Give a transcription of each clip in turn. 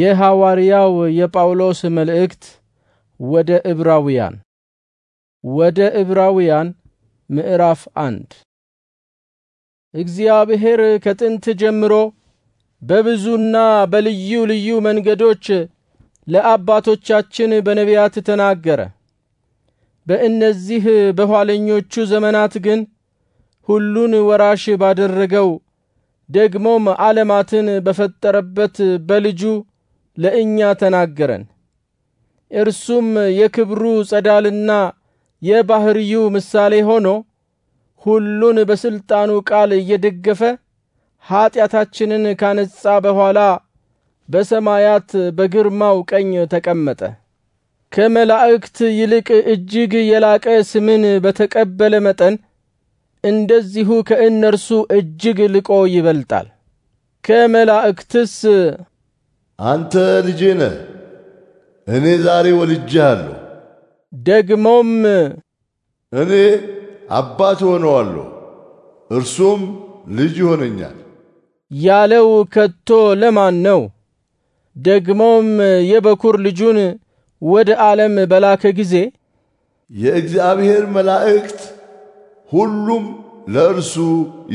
የሐዋርያው የጳውሎስ መልእክት ወደ ዕብራውያን ወደ ዕብራውያን ምዕራፍ አንድ እግዚአብሔር ከጥንት ጀምሮ በብዙና በልዩ ልዩ መንገዶች ለአባቶቻችን በነቢያት ተናገረ። በእነዚህ በኋለኞቹ ዘመናት ግን ሁሉን ወራሽ ባደረገው ደግሞም ዓለማትን በፈጠረበት በልጁ ለእኛ ተናገረን። እርሱም የክብሩ ጸዳልና የባህርዩ ምሳሌ ሆኖ ሁሉን በስልጣኑ ቃል እየደገፈ ኀጢአታችንን ካነጻ በኋላ በሰማያት በግርማው ቀኝ ተቀመጠ። ከመላእክት ይልቅ እጅግ የላቀ ስምን በተቀበለ መጠን እንደዚሁ ከእነርሱ እጅግ ልቆ ይበልጣል። ከመላእክትስ አንተ ልጄ ነህ፣ እኔ ዛሬ ወልጄሃለሁ። ደግሞም እኔ አባት ሆነዋለሁ፣ እርሱም ልጅ ይሆነኛል ያለው ከቶ ለማን ነው? ደግሞም የበኩር ልጁን ወደ ዓለም በላከ ጊዜ የእግዚአብሔር መላእክት ሁሉም ለእርሱ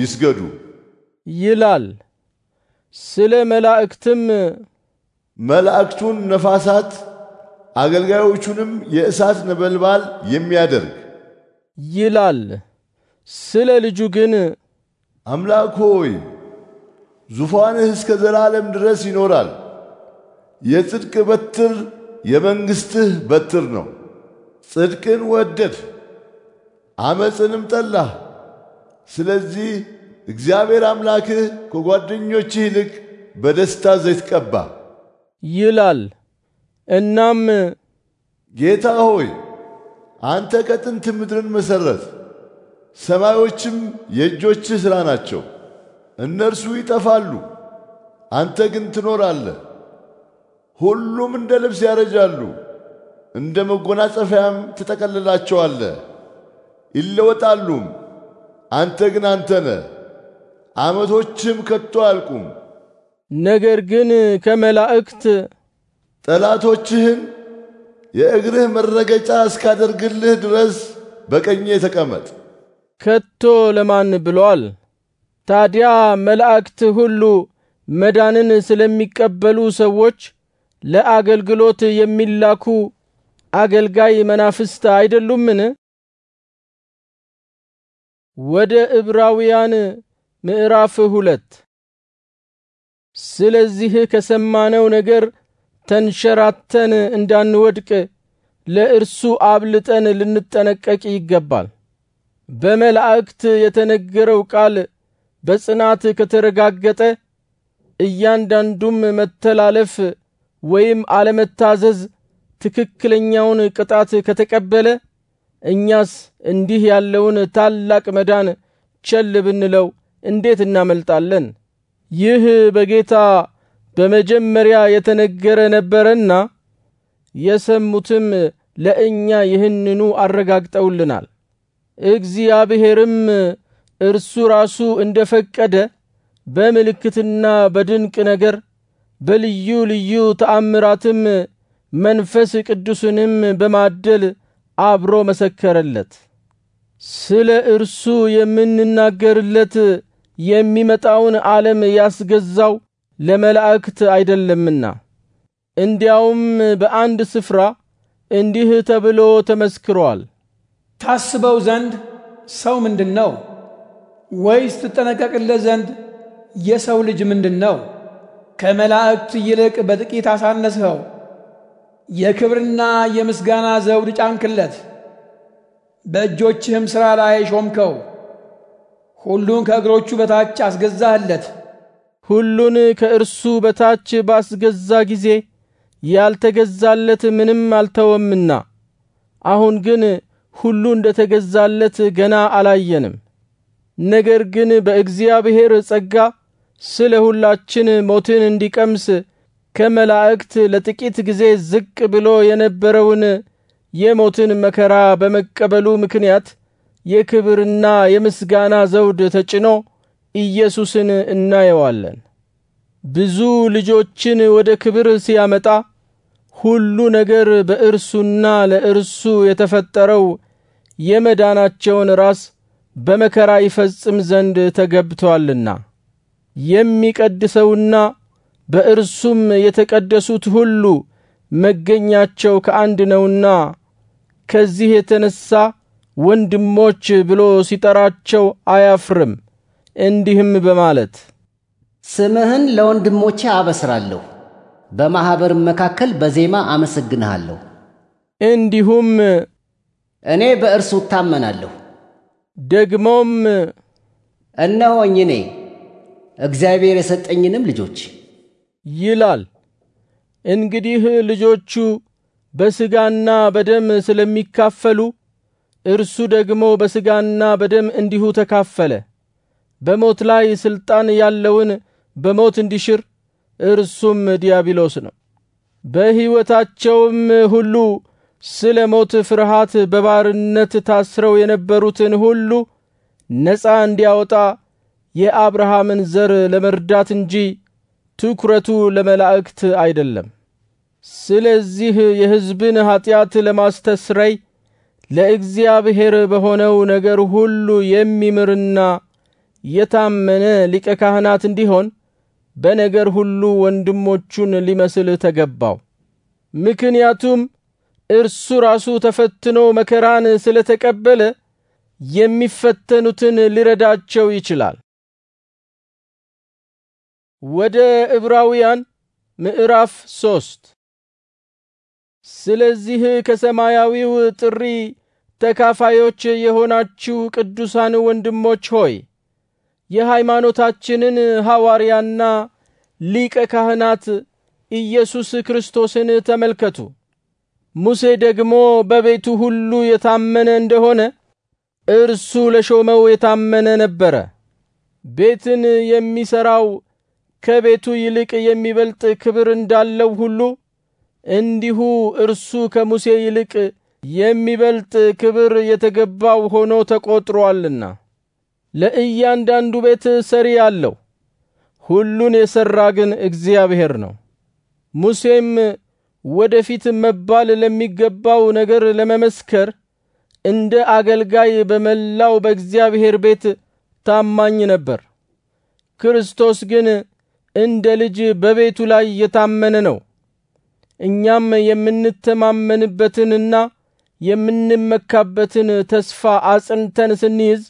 ይስገዱ ይላል። ስለ መላእክትም መላእክቱን ነፋሳት አገልጋዮቹንም የእሳት ነበልባል የሚያደርግ ይላል። ስለ ልጁ ግን አምላክ ሆይ ዙፋንህ እስከ ዘላለም ድረስ ይኖራል። የጽድቅ በትር የመንግሥትህ በትር ነው። ጽድቅን ወደድ፣ አመፅንም ጠላህ። ስለዚህ እግዚአብሔር አምላክህ ከጓደኞችህ ይልቅ በደስታ ዘይት ይላል። እናም ጌታ ሆይ አንተ ከጥንት ምድርን መሰረት፣ ሰማዮችም የእጆች ሥራ ናቸው። እነርሱ ይጠፋሉ፣ አንተ ግን ትኖራለህ። ሁሉም እንደ ልብስ ያረጃሉ፣ እንደ መጎናጸፊያም ትጠቀልላቸዋለህ። ይለወጣሉም፣ አንተ ግን አንተ ነህ። ዓመቶችም ከቶ አያልቁም። ነገር ግን ከመላእክት ጠላቶችህን የእግርህ መረገጫ እስካደርግልህ ድረስ በቀኜ ተቀመጥ ከቶ ለማን ብሏል? ታዲያ መላእክት ሁሉ መዳንን ስለሚቀበሉ ሰዎች ለአገልግሎት የሚላኩ አገልጋይ መናፍስት አይደሉምን? ወደ ዕብራውያን ምዕራፍ ሁለት ስለዚህ ከሰማነው ነገር ተንሸራተን እንዳንወድቅ ለእርሱ አብልጠን ልንጠነቀቅ ይገባል። በመላእክት የተነገረው ቃል በጽናት ከተረጋገጠ እያንዳንዱም መተላለፍ ወይም አለመታዘዝ ትክክለኛውን ቅጣት ከተቀበለ እኛስ እንዲህ ያለውን ታላቅ መዳን ቸል ብንለው እንዴት እናመልጣለን? ይህ በጌታ በመጀመሪያ የተነገረ ነበረና የሰሙትም ለእኛ ይህንኑ አረጋግጠውልናል። እግዚአብሔርም እርሱ ራሱ እንደ ፈቀደ በምልክትና በድንቅ ነገር በልዩ ልዩ ተአምራትም መንፈስ ቅዱስንም በማደል አብሮ መሰከረለት። ስለ እርሱ የምንናገርለት የሚመጣውን ዓለም ያስገዛው ለመላእክት አይደለምና። እንዲያውም በአንድ ስፍራ እንዲህ ተብሎ ተመስክሯል። ታስበው ዘንድ ሰው ምንድን ነው? ወይስ ትጠነቀቅለት ዘንድ የሰው ልጅ ምንድን ነው? ከመላእክት ይልቅ በጥቂት አሳነስኸው። የክብርና የምስጋና ዘውድ ጫንክለት፣ በእጆችህም ሥራ ላይ ሾምከው። ሁሉን ከእግሮቹ በታች አስገዛህለት። ሁሉን ከእርሱ በታች ባስገዛ ጊዜ ያልተገዛለት ምንም አልተወምና፣ አሁን ግን ሁሉ እንደ ተገዛለት ገና አላየንም። ነገር ግን በእግዚአብሔር ጸጋ ስለ ሁላችን ሞትን እንዲቀምስ ከመላእክት ለጥቂት ጊዜ ዝቅ ብሎ የነበረውን የሞትን መከራ በመቀበሉ ምክንያት የክብርና የምስጋና ዘውድ ተጭኖ ኢየሱስን እናየዋለን። ብዙ ልጆችን ወደ ክብር ሲያመጣ ሁሉ ነገር በእርሱና ለእርሱ የተፈጠረው የመዳናቸውን ራስ በመከራ ይፈጽም ዘንድ ተገብቶአልና የሚቀድሰውና በእርሱም የተቀደሱት ሁሉ መገኛቸው ከአንድ ነውና ከዚህ የተነሳ ወንድሞች ብሎ ሲጠራቸው አያፍርም። እንዲህም በማለት ስምህን ለወንድሞቼ አበስራለሁ፣ በማኅበርም መካከል በዜማ አመሰግንሃለሁ። እንዲሁም እኔ በእርሱ እታመናለሁ። ደግሞም እነሆኝ እኔ እግዚአብሔር የሰጠኝንም ልጆች ይላል። እንግዲህ ልጆቹ በሥጋና በደም ስለሚካፈሉ እርሱ ደግሞ በሥጋና በደም እንዲሁ ተካፈለ። በሞት ላይ ሥልጣን ያለውን በሞት እንዲሽር፣ እርሱም ዲያብሎስ ነው። በሕይወታቸውም ሁሉ ስለ ሞት ፍርሃት በባርነት ታስረው የነበሩትን ሁሉ ነፃ እንዲያወጣ የአብርሃምን ዘር ለመርዳት እንጂ ትኩረቱ ለመላእክት አይደለም። ስለዚህ የሕዝብን ኀጢአት ለማስተስረይ ለእግዚአብሔር በሆነው ነገር ሁሉ የሚምርና የታመነ ሊቀ ካህናት እንዲሆን በነገር ሁሉ ወንድሞቹን ሊመስል ተገባው። ምክንያቱም እርሱ ራሱ ተፈትኖ መከራን ስለ ተቀበለ የሚፈተኑትን ሊረዳቸው ይችላል። ወደ ዕብራውያን ምዕራፍ ሶስት ስለዚህ ከሰማያዊው ጥሪ ተካፋዮች የሆናችሁ ቅዱሳን ወንድሞች ሆይ የሃይማኖታችንን ሐዋርያና ሊቀ ካህናት ኢየሱስ ክርስቶስን ተመልከቱ። ሙሴ ደግሞ በቤቱ ሁሉ የታመነ እንደሆነ እርሱ ለሾመው የታመነ ነበረ። ቤትን የሚሰራው ከቤቱ ይልቅ የሚበልጥ ክብር እንዳለው ሁሉ እንዲሁ እርሱ ከሙሴ ይልቅ የሚበልጥ ክብር የተገባው ሆኖ ተቆጥሮአልና። ለእያንዳንዱ ቤት ሰሪ አለው፣ ሁሉን የሰራ ግን እግዚአብሔር ነው። ሙሴም ወደፊት መባል ለሚገባው ነገር ለመመስከር እንደ አገልጋይ በመላው በእግዚአብሔር ቤት ታማኝ ነበር። ክርስቶስ ግን እንደ ልጅ በቤቱ ላይ የታመነ ነው። እኛም የምንተማመንበትንና የምንመካበትን ተስፋ አጽንተን ስንይዝ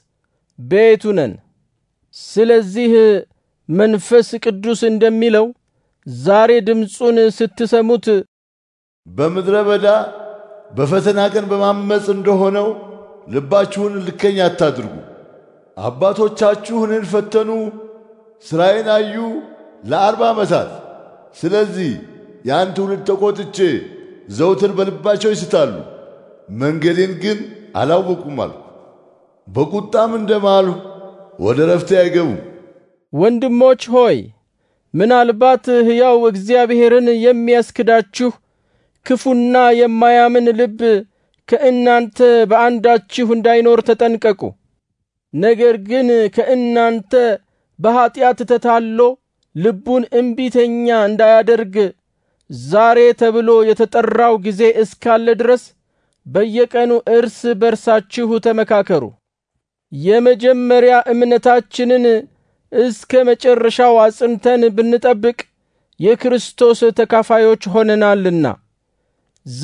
ቤቱ ነን። ስለዚህ መንፈስ ቅዱስ እንደሚለው ዛሬ ድምፁን ስትሰሙት በምድረ በዳ በፈተና ቀን በማመፅ እንደሆነው ልባችሁን ልከኝ አታድርጉ። አባቶቻችሁን ፈተኑ፣ ሥራዬን አዩ ለአርባ ዓመታት። ስለዚህ ያን ትውልድ ተቆጥቼ ዘውትር በልባቸው ይስታሉ። መንገዴን ግን አላወቁም አልኩ። በቁጣም እንደማሉ ወደ ረፍቴ አይገቡም። ወንድሞች ሆይ ምናልባት ሕያው እግዚአብሔርን የሚያስክዳችሁ ክፉና የማያምን ልብ ከእናንተ በአንዳችሁ እንዳይኖር ተጠንቀቁ። ነገር ግን ከእናንተ በኀጢአት ተታሎ ልቡን እምቢተኛ እንዳያደርግ ዛሬ ተብሎ የተጠራው ጊዜ እስካለ ድረስ በየቀኑ እርስ በርሳችሁ ተመካከሩ። የመጀመሪያ እምነታችንን እስከ መጨረሻው አጽንተን ብንጠብቅ የክርስቶስ ተካፋዮች ሆነናልና።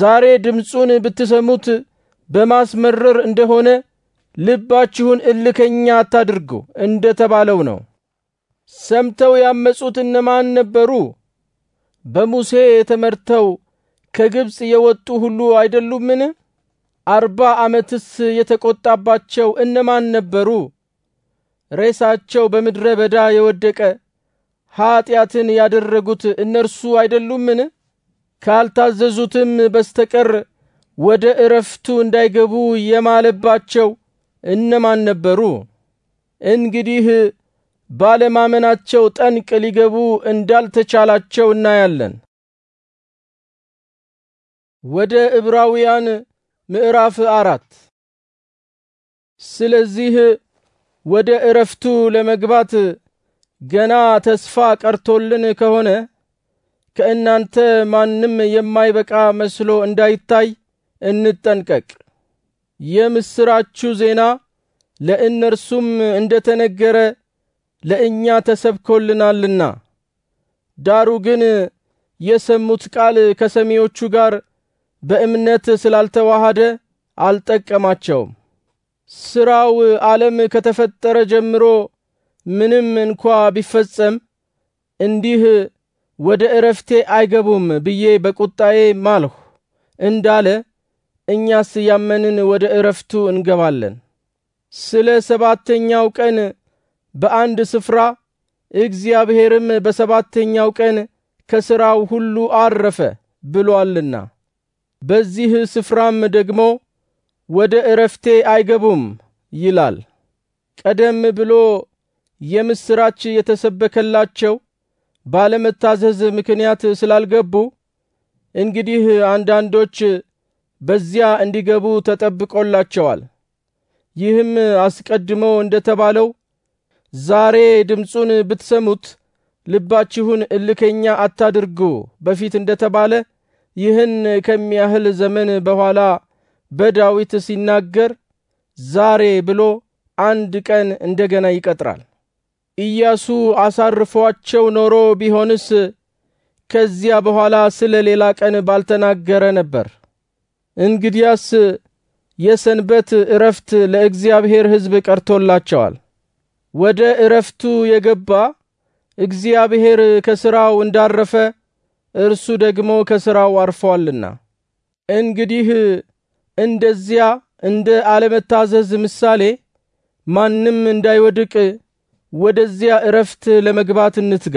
ዛሬ ድምፁን ብትሰሙት በማስመረር እንደሆነ ልባችሁን እልከኛ አታድርጉ እንደ ተባለው ነው። ሰምተው ያመፁት እነማን ነበሩ? በሙሴ ተመርተው ከግብፅ የወጡ ሁሉ አይደሉምን? አርባ ዓመትስ የተቆጣባቸው እነማን ነበሩ? ሬሳቸው በምድረ በዳ የወደቀ ኀጢአትን ያደረጉት እነርሱ አይደሉምን? ካልታዘዙትም በስተቀር ወደ እረፍቱ እንዳይገቡ የማለባቸው እነማን ነበሩ? እንግዲህ ባለማመናቸው ጠንቅ ሊገቡ እንዳልተቻላቸው እናያለን። ወደ ዕብራውያን ምዕራፍ አራት ስለዚህ ወደ እረፍቱ ለመግባት ገና ተስፋ ቀርቶልን ከሆነ ከእናንተ ማንም የማይበቃ መስሎ እንዳይታይ እንጠንቀቅ። የምስራችሁ ዜና ለእነርሱም እንደተነገረ ለእኛ ተሰብኮልናልና፣ ዳሩ ግን የሰሙት ቃል ከሰሚዎቹ ጋር በእምነት ስላልተዋሃደ አልጠቀማቸውም። ስራው ዓለም ከተፈጠረ ጀምሮ ምንም እንኳ ቢፈጸም እንዲህ ወደ እረፍቴ አይገቡም ብዬ በቁጣዬ ማልሁ እንዳለ እኛስ ያመንን ወደ እረፍቱ እንገባለን። ስለ ሰባተኛው ቀን በአንድ ስፍራ እግዚአብሔርም በሰባተኛው ቀን ከስራው ሁሉ አረፈ ብሎአልና በዚህ ስፍራም ደግሞ ወደ እረፍቴ አይገቡም ይላል። ቀደም ብሎ የምስራች የተሰበከላቸው ባለመታዘዝ ምክንያት ስላልገቡ እንግዲህ አንዳንዶች በዚያ እንዲገቡ ተጠብቆላቸዋል። ይህም አስቀድሞ እንደተባለው ዛሬ ድምፁን ብትሰሙት ልባችሁን እልከኛ አታድርጉ በፊት እንደተባለ ይህን ከሚያህል ዘመን በኋላ በዳዊት ሲናገር ዛሬ ብሎ አንድ ቀን እንደገና ይቀጥራል። ኢያሱ አሳርፏቸው ኖሮ ቢሆንስ ከዚያ በኋላ ስለ ሌላ ቀን ባልተናገረ ነበር። እንግዲያስ የሰንበት እረፍት ለእግዚአብሔር ሕዝብ ቀርቶላቸዋል። ወደ እረፍቱ የገባ እግዚአብሔር ከሥራው እንዳረፈ እርሱ ደግሞ ከሥራው አርፏልና። እንግዲህ እንደዚያ እንደ አለመታዘዝ ምሳሌ ማንም እንዳይወድቅ ወደዚያ እረፍት ለመግባት እንትጋ።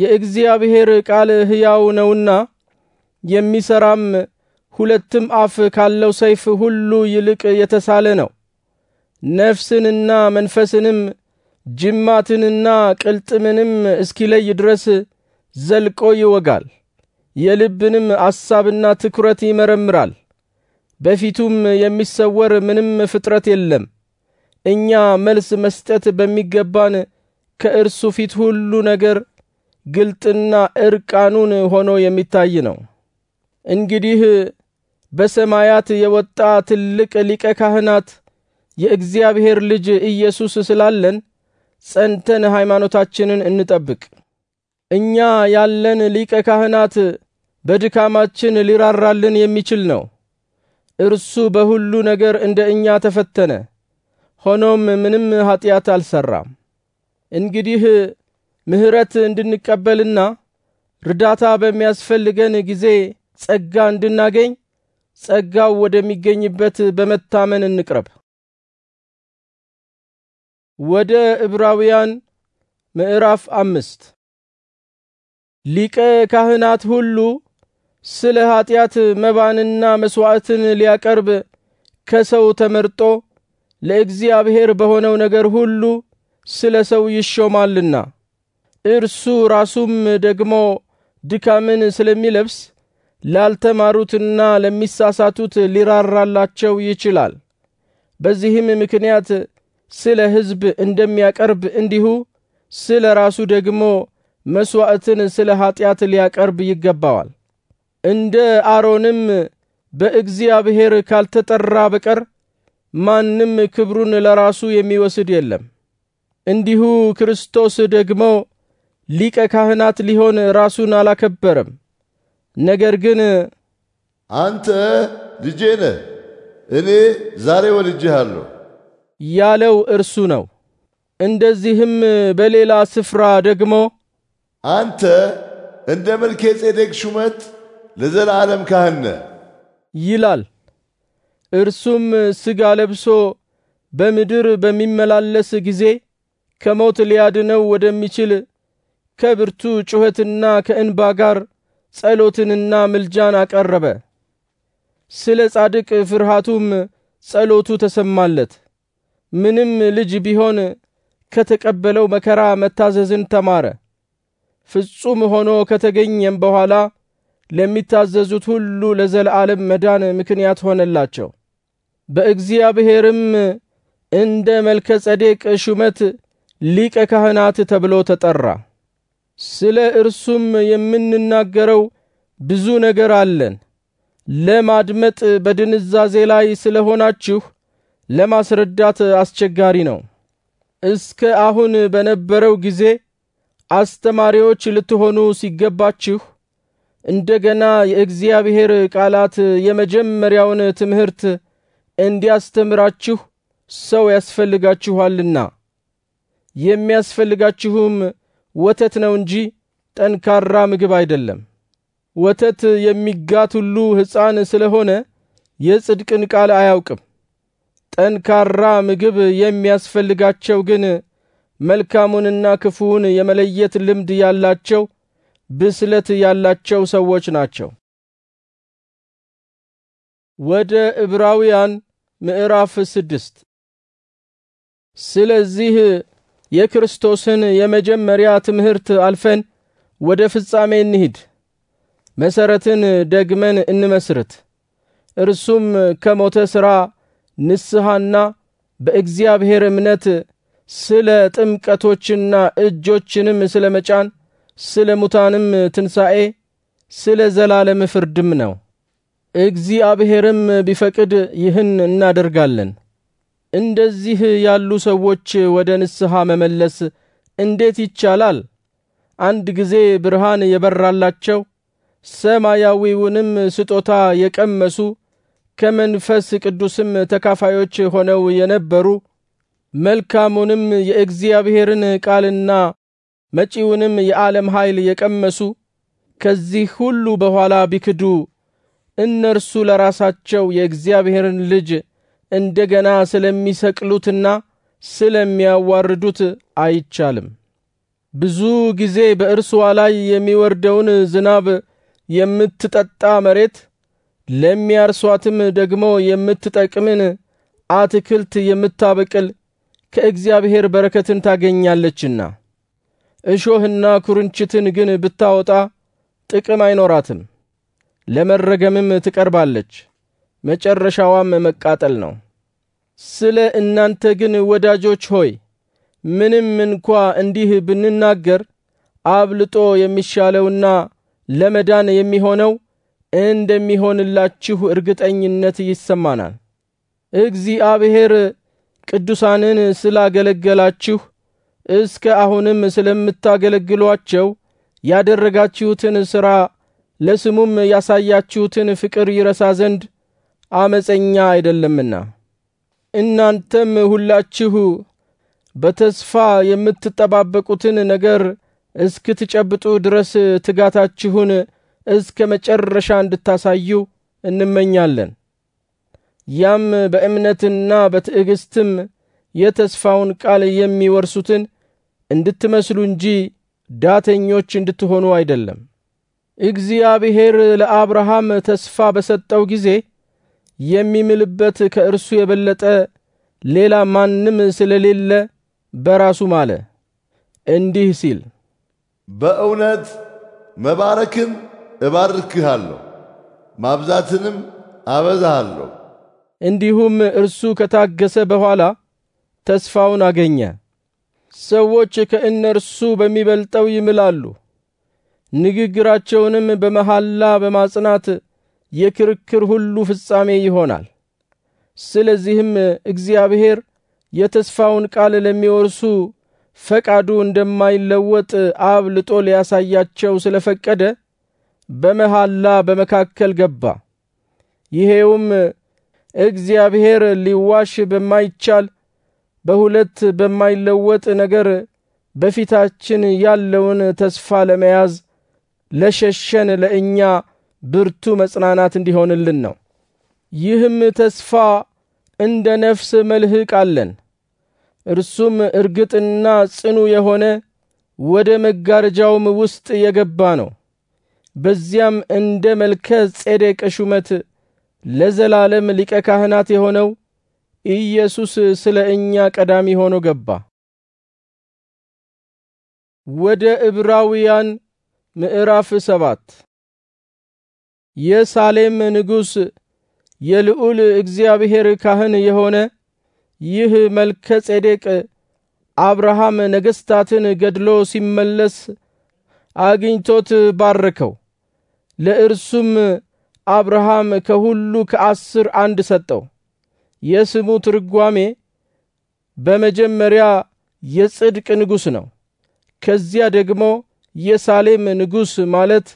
የእግዚአብሔር ቃል ሕያው ነውና የሚሰራም ሁለትም አፍ ካለው ሰይፍ ሁሉ ይልቅ የተሳለ ነው። ነፍስንና መንፈስንም ጅማትንና ቅልጥምንም እስኪለይ ድረስ ዘልቆ ይወጋል፣ የልብንም አሳብና ትኩረት ይመረምራል። በፊቱም የሚሰወር ምንም ፍጥረት የለም። እኛ መልስ መስጠት በሚገባን ከእርሱ ፊት ሁሉ ነገር ግልጥና እርቃኑን ሆኖ የሚታይ ነው። እንግዲህ በሰማያት የወጣ ትልቅ ሊቀ ካህናት የእግዚአብሔር ልጅ ኢየሱስ ስላለን ጸንተን ሃይማኖታችንን እንጠብቅ። እኛ ያለን ሊቀ ካህናት በድካማችን ሊራራልን የሚችል ነው። እርሱ በሁሉ ነገር እንደ እኛ ተፈተነ፣ ሆኖም ምንም ኀጢአት አልሰራም። እንግዲህ ምሕረት እንድንቀበልና ርዳታ በሚያስፈልገን ጊዜ ጸጋ እንድናገኝ ጸጋው ወደሚገኝበት በመታመን እንቅረብ። ወደ ዕብራውያን ምዕራፍ አምስት ሊቀ ካህናት ሁሉ ስለ ኀጢአት መባንና መሥዋዕትን ሊያቀርብ ከሰው ተመርጦ ለእግዚአብሔር በሆነው ነገር ሁሉ ስለ ሰው ይሾማልና እርሱ ራሱም ደግሞ ድካምን ስለሚለብስ ላልተማሩትና ለሚሳሳቱት ሊራራላቸው ይችላል። በዚህም ምክንያት ስለ ሕዝብ እንደሚያቀርብ እንዲሁ ስለ ራሱ ደግሞ መሥዋዕትን ስለ ኀጢአት ሊያቀርብ ይገባዋል። እንደ አሮንም በእግዚአብሔር ካልተጠራ በቀር ማንም ክብሩን ለራሱ የሚወስድ የለም። እንዲሁ ክርስቶስ ደግሞ ሊቀ ካህናት ሊሆን ራሱን አላከበረም። ነገር ግን አንተ ልጄ ነህ፣ እኔ ዛሬ ወልጄሃለሁ ያለው እርሱ ነው። እንደዚህም በሌላ ስፍራ ደግሞ አንተ እንደ መልከ ጼዴቅ ሹመት ለዘላለም ካህነ ይላል። እርሱም ሥጋ ለብሶ በምድር በሚመላለስ ጊዜ ከሞት ሊያድነው ወደሚችል ከብርቱ ጩኸትና ከእንባ ጋር ጸሎትንና ምልጃን አቀረበ። ስለ ጻድቅ ፍርሃቱም ጸሎቱ ተሰማለት። ምንም ልጅ ቢሆን ከተቀበለው መከራ መታዘዝን ተማረ። ፍጹም ሆኖ ከተገኘም በኋላ ለሚታዘዙት ሁሉ ለዘለዓለም መዳን ምክንያት ሆነላቸው። በእግዚአብሔርም እንደ መልከ ጸዴቅ ሹመት ሊቀ ካህናት ተብሎ ተጠራ። ስለ እርሱም የምንናገረው ብዙ ነገር አለን። ለማድመጥ በድንዛዜ ላይ ስለሆናችሁ ለማስረዳት አስቸጋሪ ነው። እስከ አሁን በነበረው ጊዜ አስተማሪዎች ልትሆኑ ሲገባችሁ እንደገና የእግዚአብሔር ቃላት የመጀመሪያውን ትምህርት እንዲያስተምራችሁ ሰው ያስፈልጋችኋልና የሚያስፈልጋችሁም ወተት ነው እንጂ ጠንካራ ምግብ አይደለም። ወተት የሚጋት ሁሉ ሕፃን ስለሆነ የጽድቅን ቃል አያውቅም። ጠንካራ ምግብ የሚያስፈልጋቸው ግን መልካሙንና ክፉውን የመለየት ልምድ ያላቸው ብስለት ያላቸው ሰዎች ናቸው። ወደ ዕብራውያን ምዕራፍ ስድስት ስለዚህ የክርስቶስን የመጀመሪያ ትምህርት አልፈን ወደ ፍጻሜ እንሂድ። መሰረትን ደግመን እንመስርት። እርሱም ከሞተ ሥራ ንስሐና በእግዚአብሔር እምነት ስለ ጥምቀቶችና እጆችንም ስለ መጫን፣ ስለ ሙታንም ትንሣኤ፣ ስለ ዘላለም ፍርድም ነው። እግዚአብሔርም ቢፈቅድ ይህን እናደርጋለን። እንደዚህ ያሉ ሰዎች ወደ ንስሐ መመለስ እንዴት ይቻላል? አንድ ጊዜ ብርሃን የበራላቸው ሰማያዊውንም ስጦታ የቀመሱ ከመንፈስ ቅዱስም ተካፋዮች ሆነው የነበሩ መልካሙንም የእግዚአብሔርን ቃልና መጪውንም የዓለም ኃይል የቀመሱ ከዚህ ሁሉ በኋላ ቢክዱ እነርሱ ለራሳቸው የእግዚአብሔርን ልጅ እንደገና ስለሚሰቅሉትና ስለሚያዋርዱት አይቻልም። ብዙ ጊዜ በእርስዋ ላይ የሚወርደውን ዝናብ የምትጠጣ መሬት ለሚያርሷትም ደግሞ የምትጠቅምን አትክልት የምታበቅል ከእግዚአብሔር በረከትን ታገኛለችና። እሾህና ኩርንችትን ግን ብታወጣ ጥቅም አይኖራትም፣ ለመረገምም ትቀርባለች፣ መጨረሻዋም መቃጠል ነው። ስለ እናንተ ግን ወዳጆች ሆይ ምንም እንኳ እንዲህ ብንናገር አብልጦ የሚሻለውና ለመዳን የሚሆነው እንደሚሆንላችሁ እርግጠኝነት ይሰማናል። እግዚአብሔር ቅዱሳንን ስላገለገላችሁ እስከ አሁንም ስለምታገለግሏቸው ያደረጋችሁትን ሥራ ለስሙም ያሳያችሁትን ፍቅር ይረሳ ዘንድ አመፀኛ አይደለምና። እናንተም ሁላችሁ በተስፋ የምትጠባበቁትን ነገር እስክትጨብጡ ድረስ ትጋታችሁን እስከ መጨረሻ እንድታሳዩ እንመኛለን። ያም በእምነትና በትዕግስትም የተስፋውን ቃል የሚወርሱትን እንድትመስሉ እንጂ ዳተኞች እንድትሆኑ አይደለም። እግዚአብሔር ለአብርሃም ተስፋ በሰጠው ጊዜ የሚምልበት ከእርሱ የበለጠ ሌላ ማንም ስለሌለ በራሱ ማለ፣ እንዲህ ሲል በእውነት መባረክን እባርክሃለሁ፣ ማብዛትንም አበዛሃለሁ እንዲሁም እርሱ ከታገሰ በኋላ ተስፋውን አገኘ። ሰዎች ከእነርሱ በሚበልጠው ይምላሉ፣ ንግግራቸውንም በመሐላ በማጽናት የክርክር ሁሉ ፍጻሜ ይሆናል። ስለዚህም እግዚአብሔር የተስፋውን ቃል ለሚወርሱ ፈቃዱ እንደማይለወጥ አብልጦ ሊያሳያቸው ስለፈቀደ በመሐላ በመካከል ገባ። ይሄውም እግዚአብሔር ሊዋሽ በማይቻል በሁለት በማይለወጥ ነገር በፊታችን ያለውን ተስፋ ለመያዝ ለሸሸን ለእኛ ብርቱ መጽናናት እንዲሆንልን ነው። ይህም ተስፋ እንደ ነፍስ መልህቅ አለን። እርሱም እርግጥና ጽኑ የሆነ ወደ መጋረጃውም ውስጥ የገባ ነው። በዚያም እንደ መልከ ጼዴቅ ሹመት ለዘላለም ሊቀ ካህናት የሆነው ኢየሱስ ስለ እኛ ቀዳሚ ሆኖ ገባ። ወደ ዕብራውያን ምዕራፍ ሰባት የሳሌም ንጉሥ የልዑል እግዚአብሔር ካህን የሆነ ይህ መልከ ጼዴቅ አብርሃም ነገሥታትን ገድሎ ሲመለስ አግኝቶት ባረከው። ለእርሱም አብርሃም ከሁሉ ከአስር አንድ ሰጠው። የስሙ ትርጓሜ በመጀመሪያ የጽድቅ ንጉሥ ነው። ከዚያ ደግሞ የሳሌም ንጉሥ ማለት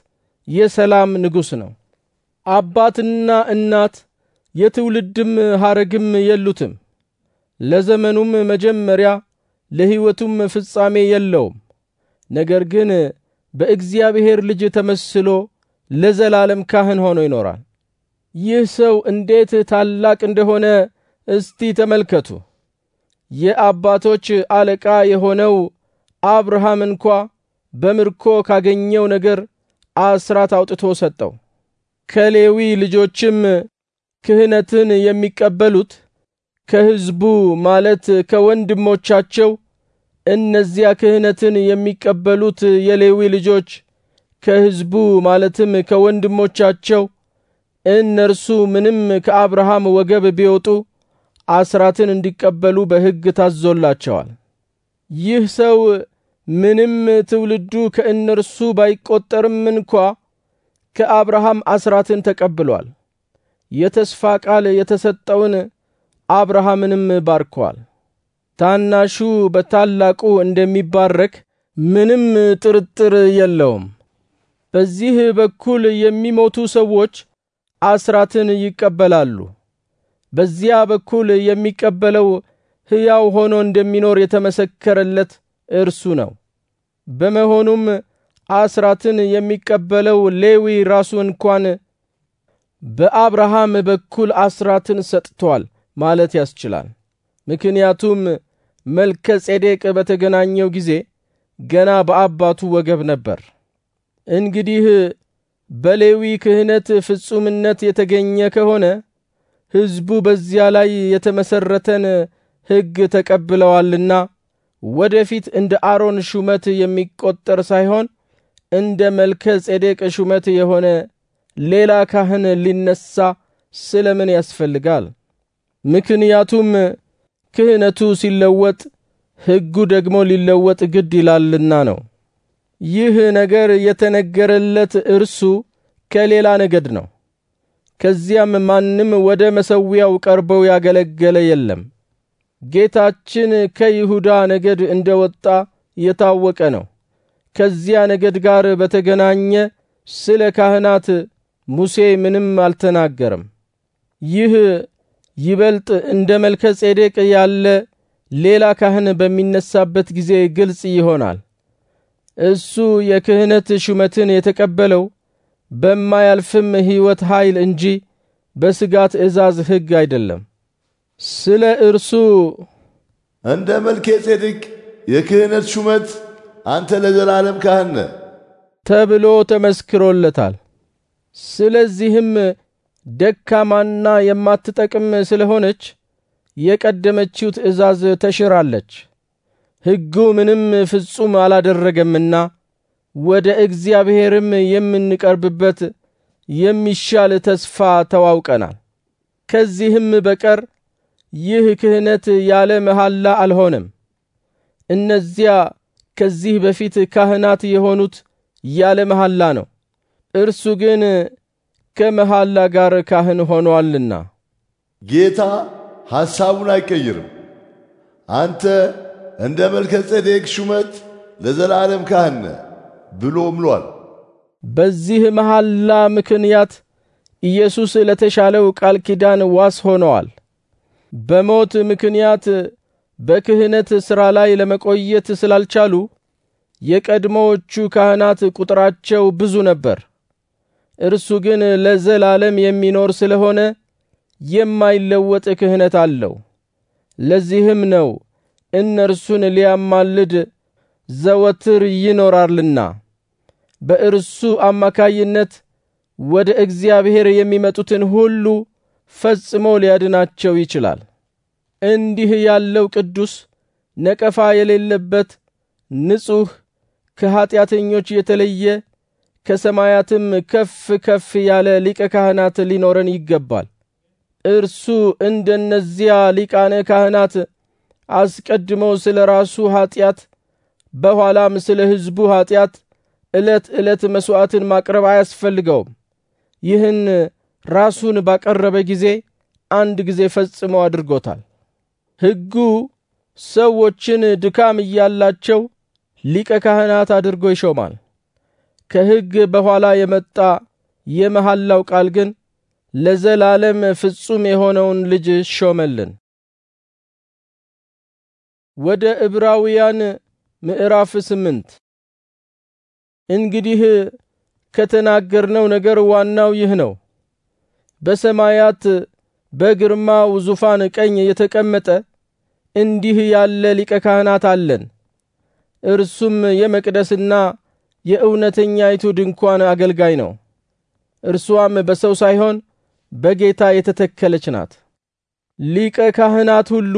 የሰላም ንጉሥ ነው። አባትና እናት የትውልድም ሐረግም የሉትም። ለዘመኑም መጀመሪያ ለሕይወቱም ፍጻሜ የለውም። ነገር ግን በእግዚአብሔር ልጅ ተመስሎ ለዘላለም ካህን ሆኖ ይኖራል። ይህ ሰው እንዴት ታላቅ እንደሆነ እስቲ ተመልከቱ። የአባቶች አለቃ የሆነው አብርሃም እንኳ በምርኮ ካገኘው ነገር አስራት አውጥቶ ሰጠው። ከሌዊ ልጆችም ክህነትን የሚቀበሉት ከሕዝቡ ማለት ከወንድሞቻቸው እነዚያ ክህነትን የሚቀበሉት የሌዊ ልጆች ከሕዝቡ ማለትም ከወንድሞቻቸው እነርሱ ምንም ከአብርሃም ወገብ ቢወጡ አስራትን እንዲቀበሉ በሕግ ታዞላቸዋል። ይህ ሰው ምንም ትውልዱ ከእነርሱ ባይቈጠርም እንኳ ከአብርሃም አስራትን ተቀብሏል። የተስፋ ቃል የተሰጠውን አብርሃምንም ባርኳል። ታናሹ በታላቁ እንደሚባረክ ምንም ጥርጥር የለውም። በዚህ በኩል የሚሞቱ ሰዎች አስራትን ይቀበላሉ። በዚያ በኩል የሚቀበለው ሕያው ሆኖ እንደሚኖር የተመሰከረለት እርሱ ነው። በመሆኑም አስራትን የሚቀበለው ሌዊ ራሱ እንኳን በአብርሃም በኩል አስራትን ሰጥቷል ማለት ያስችላል። ምክንያቱም መልከ ጼዴቅ በተገናኘው ጊዜ ገና በአባቱ ወገብ ነበር። እንግዲህ በሌዊ ክህነት ፍጹምነት የተገኘ ከሆነ ሕዝቡ በዚያ ላይ የተመሰረተን ሕግ ተቀብለዋልና ወደፊት እንደ አሮን ሹመት የሚቆጠር ሳይሆን እንደ መልከ ጼዴቅ ሹመት የሆነ ሌላ ካህን ሊነሳ ስለምን ያስፈልጋል? ምክንያቱም ክህነቱ ሲለወጥ ሕጉ ደግሞ ሊለወጥ ግድ ይላልና ነው። ይህ ነገር የተነገረለት እርሱ ከሌላ ነገድ ነው። ከዚያም ማንም ወደ መሰዊያው ቀርበው ያገለገለ የለም። ጌታችን ከይሁዳ ነገድ እንደ ወጣ የታወቀ ነው። ከዚያ ነገድ ጋር በተገናኘ ስለ ካህናት ሙሴ ምንም አልተናገረም። ይህ ይበልጥ እንደ መልከ ጼዴቅ ያለ ሌላ ካህን በሚነሳበት ጊዜ ግልጽ ይሆናል። እሱ የክህነት ሹመትን የተቀበለው በማያልፍም ሕይወት ኃይል እንጂ በሥጋ ትእዛዝ ሕግ አይደለም። ስለ እርሱ እንደ መልከ ጼዴቅ የክህነት ሹመት አንተ ለዘላለም ካህን ተብሎ ተመስክሮለታል። ስለዚህም ደካማና የማትጠቅም ስለሆነች የቀደመችው ትእዛዝ ተሽራለች። ሕጉ ምንም ፍጹም አላደረገምና ወደ እግዚአብሔርም የምንቀርብበት የሚሻል ተስፋ ተዋውቀናል። ከዚህም በቀር ይህ ክህነት ያለ መሐላ አልሆነም። እነዚያ ከዚህ በፊት ካህናት የሆኑት ያለ መሐላ ነው። እርሱ ግን ከመሐላ ጋር ካህን ሆኖአልና ጌታ ሐሳቡን አይቀይርም። አንተ እንደ መልከ ጼዴቅ ሹመት ለዘላለም ካህነ ብሎ ምሏል። በዚህ መሐላ ምክንያት ኢየሱስ ለተሻለው ቃል ኪዳን ዋስ ሆነዋል። በሞት ምክንያት በክህነት ሥራ ላይ ለመቆየት ስላልቻሉ የቀድሞዎቹ ካህናት ቁጥራቸው ብዙ ነበር። እርሱ ግን ለዘላለም የሚኖር ስለሆነ የማይለወጥ ክህነት አለው። ለዚህም ነው እነርሱን ሊያማልድ ዘወትር ይኖራልና በእርሱ አማካይነት ወደ እግዚአብሔር የሚመጡትን ሁሉ ፈጽሞ ሊያድናቸው ይችላል። እንዲህ ያለው ቅዱስ ነቀፋ የሌለበት ንጹሕ፣ ከኀጢአተኞች የተለየ ከሰማያትም ከፍ ከፍ ያለ ሊቀ ካህናት ሊኖረን ይገባል። እርሱ እንደነዚያ ሊቃነ ካህናት አስቀድሞ ስለ ራሱ ኀጢአት በኋላም ስለ ሕዝቡ ኀጢአት ዕለት ዕለት መሥዋዕትን ማቅረብ አያስፈልገውም። ይህን ራሱን ባቀረበ ጊዜ አንድ ጊዜ ፈጽሞ አድርጎታል። ሕጉ ሰዎችን ድካም እያላቸው ሊቀ ካህናት አድርጎ ይሾማል። ከሕግ በኋላ የመጣ የመሐላው ቃል ግን ለዘላለም ፍጹም የሆነውን ልጅ ሾመልን። ወደ ዕብራውያን ምዕራፍ ስምንት እንግዲህ ከተናገርነው ነገር ዋናው ይህ ነው። በሰማያት በግርማው ዙፋን ቀኝ የተቀመጠ እንዲህ ያለ ሊቀ ካህናት አለን። እርሱም የመቅደስና የእውነተኛይቱ ድንኳን አገልጋይ ነው። እርሷም በሰው ሳይሆን በጌታ የተተከለች ናት። ሊቀ ካህናት ሁሉ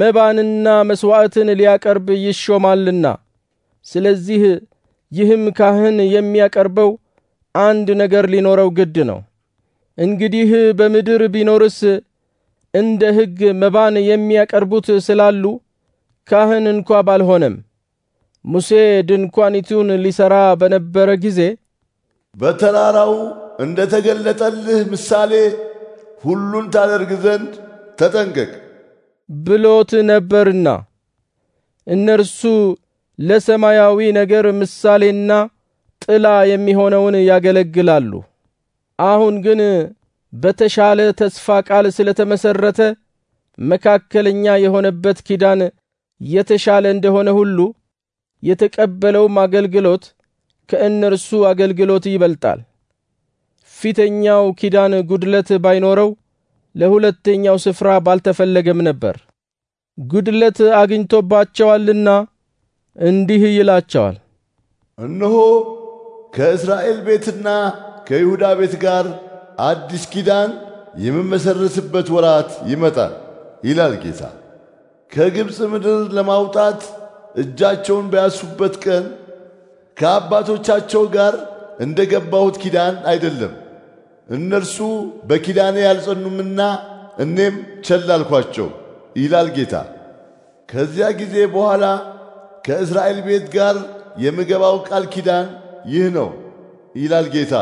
መባንና መስዋዕትን ሊያቀርብ ይሾማልና። ስለዚህ ይህም ካህን የሚያቀርበው አንድ ነገር ሊኖረው ግድ ነው። እንግዲህ በምድር ቢኖርስ እንደ ሕግ መባን የሚያቀርቡት ስላሉ ካህን እንኳ ባልሆነም፣ ሙሴ ድንኳኒቱን ሊሰራ በነበረ ጊዜ በተራራው እንደ ተገለጠልህ ምሳሌ ሁሉን ታደርግ ዘንድ ተጠንቀቅ ብሎት ነበርና እነርሱ ለሰማያዊ ነገር ምሳሌና ጥላ የሚሆነውን ያገለግላሉ። አሁን ግን በተሻለ ተስፋ ቃል ስለተመሰረተ መካከለኛ የሆነበት ኪዳን የተሻለ እንደሆነ ሁሉ የተቀበለውም አገልግሎት ከእነርሱ አገልግሎት ይበልጣል። ፊተኛው ኪዳን ጉድለት ባይኖረው ለሁለተኛው ስፍራ ባልተፈለገም ነበር። ጉድለት አግኝቶባቸዋልና እንዲህ ይላቸዋል፣ እነሆ ከእስራኤል ቤትና ከይሁዳ ቤት ጋር አዲስ ኪዳን የምመሰረትበት ወራት ይመጣል ይላል ጌታ። ከግብፅ ምድር ለማውጣት እጃቸውን በያሱበት ቀን ከአባቶቻቸው ጋር እንደገባሁት ኪዳን አይደለም እነርሱ በኪዳኔ ያልጸኑምና እኔም ቸላልኳቸው ይላል ጌታ። ከዚያ ጊዜ በኋላ ከእስራኤል ቤት ጋር የምገባው ቃል ኪዳን ይህ ነው ይላል ጌታ።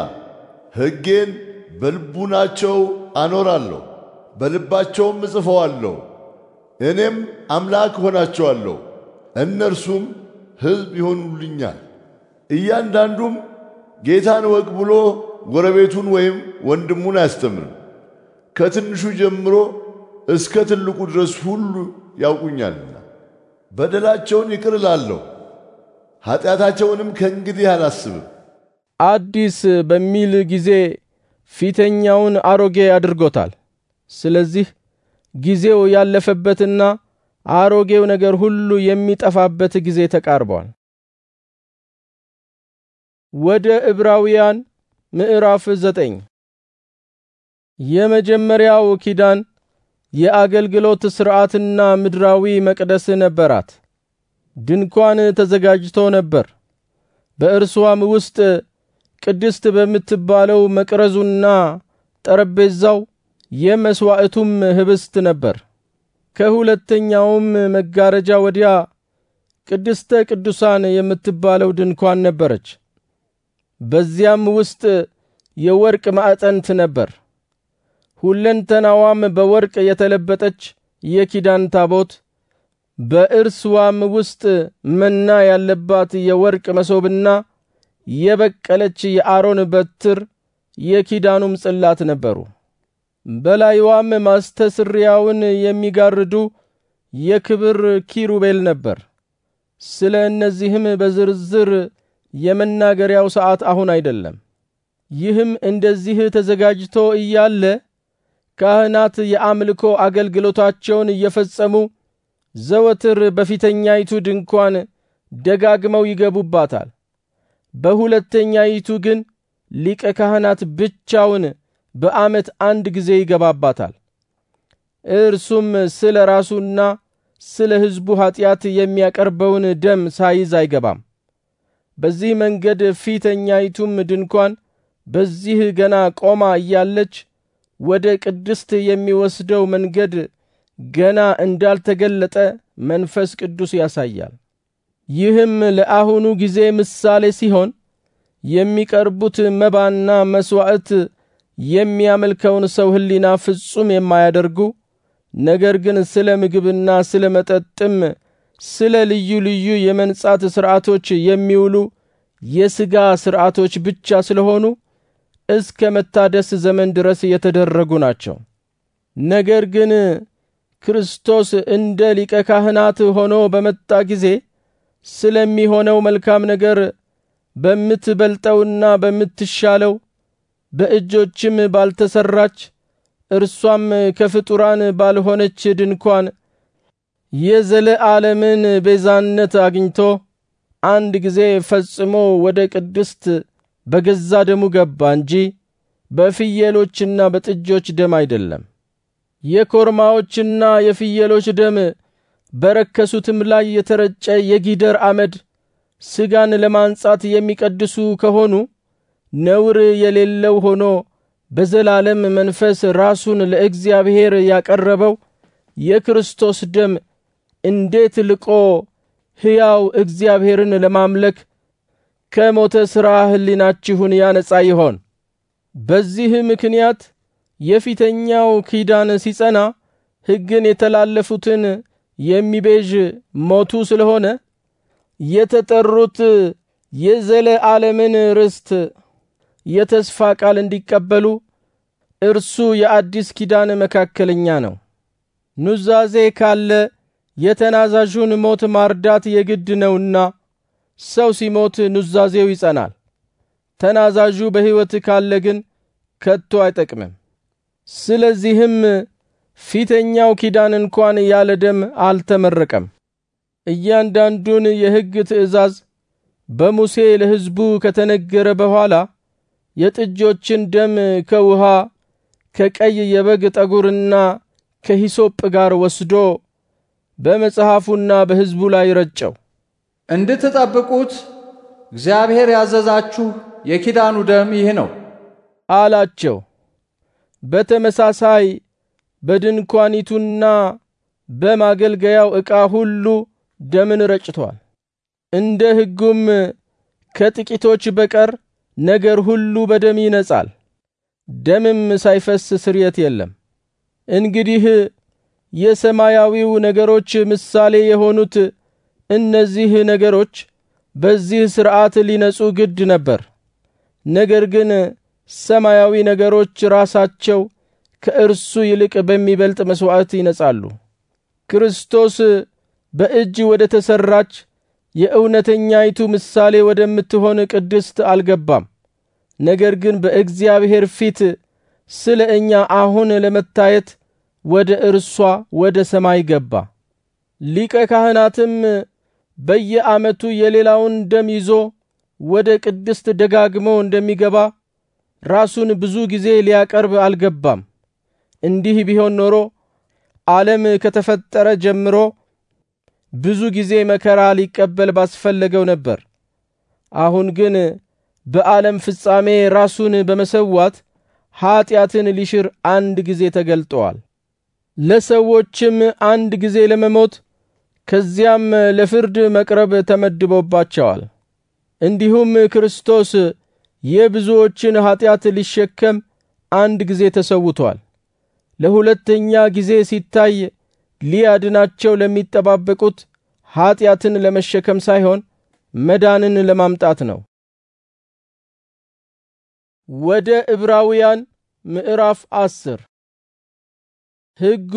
ሕጌን በልቡናቸው አኖራለሁ፣ በልባቸውም እጽፈዋለሁ። እኔም አምላክ ሆናቸዋለሁ፣ እነርሱም ሕዝብ ይሆኑልኛል። እያንዳንዱም ጌታን ወቅ ብሎ ጎረቤቱን ወይም ወንድሙን አያስተምርም። ከትንሹ ጀምሮ እስከ ትልቁ ድረስ ሁሉ ያውቁኛልና በደላቸውን ይቅር እላለሁ፣ ኃጢአታቸውንም ከእንግዲህ አላስብም። አዲስ በሚል ጊዜ ፊተኛውን አሮጌ አድርጎታል። ስለዚህ ጊዜው ያለፈበትና አሮጌው ነገር ሁሉ የሚጠፋበት ጊዜ ተቃርቧል። ወደ ዕብራውያን ምዕራፍ ዘጠኝ የመጀመሪያው ኪዳን የአገልግሎት ሥርዓትና ምድራዊ መቅደስ ነበራት። ድንኳን ተዘጋጅቶ ነበር። በእርሷም ውስጥ ቅድስት በምትባለው መቅረዙና ጠረጴዛው የመስዋዕቱም ኅብስት ነበር። ከሁለተኛውም መጋረጃ ወዲያ ቅድስተ ቅዱሳን የምትባለው ድንኳን ነበረች። በዚያም ውስጥ የወርቅ ማዕፀንት ነበር። ሁለንተናዋም በወርቅ የተለበጠች የኪዳን ታቦት፣ በእርስዋም ውስጥ መና ያለባት የወርቅ መሶብና የበቀለች የአሮን በትር የኪዳኑም ጽላት ነበሩ። በላይዋም ማስተስሪያውን የሚጋርዱ የክብር ኪሩቤል ነበር። ስለ እነዚህም በዝርዝር የመናገሪያው ሰዓት አሁን አይደለም። ይህም እንደዚህ ተዘጋጅቶ እያለ ካህናት የአምልኮ አገልግሎታቸውን እየፈጸሙ ዘወትር በፊተኛይቱ ድንኳን ደጋግመው ይገቡባታል። በሁለተኛይቱ ግን ሊቀ ካህናት ብቻውን በዓመት አንድ ጊዜ ይገባባታል። እርሱም ስለ ራሱና ስለ ሕዝቡ ኀጢአት የሚያቀርበውን ደም ሳይዝ አይገባም። በዚህ መንገድ ፊተኛይቱም ድንኳን በዚህ ገና ቆማ እያለች ወደ ቅድስት የሚወስደው መንገድ ገና እንዳልተገለጠ መንፈስ ቅዱስ ያሳያል። ይህም ለአሁኑ ጊዜ ምሳሌ ሲሆን የሚቀርቡት መባና መሥዋዕት የሚያመልከውን ሰው ሕሊና ፍጹም የማያደርጉ ነገር ግን ስለ ምግብና ስለ መጠጥም ስለ ልዩ ልዩ የመንጻት ሥርዓቶች የሚውሉ የሥጋ ሥርዓቶች ብቻ ስለሆኑ እስከ መታደስ ዘመን ድረስ የተደረጉ ናቸው። ነገር ግን ክርስቶስ እንደ ሊቀ ካህናት ሆኖ በመጣ ጊዜ ስለሚሆነው መልካም ነገር በምትበልጠውና በምትሻለው በእጆችም ባልተሰራች እርሷም ከፍጡራን ባልሆነች ድንኳን የዘለዓለምን ቤዛነት አግኝቶ አንድ ጊዜ ፈጽሞ ወደ ቅድስት በገዛ ደሙ ገባ እንጂ በፍየሎችና በጥጆች ደም አይደለም። የኮርማዎችና የፍየሎች ደም በረከሱትም ላይ የተረጨ የጊደር አመድ ስጋን ለማንጻት የሚቀድሱ ከሆኑ ነውር የሌለው ሆኖ በዘላለም መንፈስ ራሱን ለእግዚአብሔር ያቀረበው የክርስቶስ ደም እንዴት ልቆ ሕያው እግዚአብሔርን ለማምለክ ከሞተ ሥራ ሕሊናችሁን ያነጻ ይሆን? በዚህ ምክንያት የፊተኛው ኪዳን ሲጸና ሕግን የተላለፉትን የሚቤዥ ሞቱ ስለሆነ የተጠሩት የዘለ ዓለምን ርስት የተስፋ ቃል እንዲቀበሉ እርሱ የአዲስ ኪዳን መካከለኛ ነው። ኑዛዜ ካለ የተናዛዡን ሞት ማርዳት የግድ ነውና ሰው ሲሞት ኑዛዜው ይጸናል። ተናዛዡ በሕይወት ካለ ግን ከቶ አይጠቅምም። ስለዚህም ፊተኛው ኪዳን እንኳን ያለ ደም አልተመረቀም። እያንዳንዱን የሕግ ትእዛዝ በሙሴ ለሕዝቡ ከተነገረ በኋላ የጥጆችን ደም ከውሃ ከቀይ የበግ ጠጉርና ከሂሶጵ ጋር ወስዶ በመጽሐፉና በሕዝቡ ላይ ረጨው። እንድትጠብቁት እግዚአብሔር ያዘዛችሁ የኪዳኑ ደም ይህ ነው አላቸው። በተመሳሳይ በድንኳኒቱና በማገልገያው ዕቃ ሁሉ ደምን ረጭቷል። እንደ ሕጉም ከጥቂቶች በቀር ነገር ሁሉ በደም ይነጻል። ደምም ሳይፈስ ስርየት የለም። እንግዲህ የሰማያዊው ነገሮች ምሳሌ የሆኑት እነዚህ ነገሮች በዚህ ሥርዓት ሊነጹ ግድ ነበር። ነገር ግን ሰማያዊ ነገሮች ራሳቸው ከእርሱ ይልቅ በሚበልጥ መሥዋዕት ይነጻሉ። ክርስቶስ በእጅ ወደ ተሠራች የእውነተኛይቱ ምሳሌ ወደምትሆን ቅድስት አልገባም። ነገር ግን በእግዚአብሔር ፊት ስለ እኛ አሁን ለመታየት ወደ እርሷ ወደ ሰማይ ገባ። ሊቀ ካህናትም በየዓመቱ የሌላውን ደም ይዞ ወደ ቅድስት ደጋግሞ እንደሚገባ ራሱን ብዙ ጊዜ ሊያቀርብ አልገባም። እንዲህ ቢሆን ኖሮ ዓለም ከተፈጠረ ጀምሮ ብዙ ጊዜ መከራ ሊቀበል ባስፈለገው ነበር። አሁን ግን በዓለም ፍጻሜ ራሱን በመሰዋት ኀጢአትን ሊሽር አንድ ጊዜ ተገልጠዋል። ለሰዎችም አንድ ጊዜ ለመሞት ከዚያም ለፍርድ መቅረብ ተመድቦባቸዋል። እንዲሁም ክርስቶስ የብዙዎችን ኀጢአት ሊሸከም አንድ ጊዜ ተሰውቷል። ለሁለተኛ ጊዜ ሲታይ ሊያድናቸው ለሚጠባበቁት ኀጢአትን ለመሸከም ሳይሆን መዳንን ለማምጣት ነው። ወደ ዕብራውያን ምዕራፍ አስር ሕጉ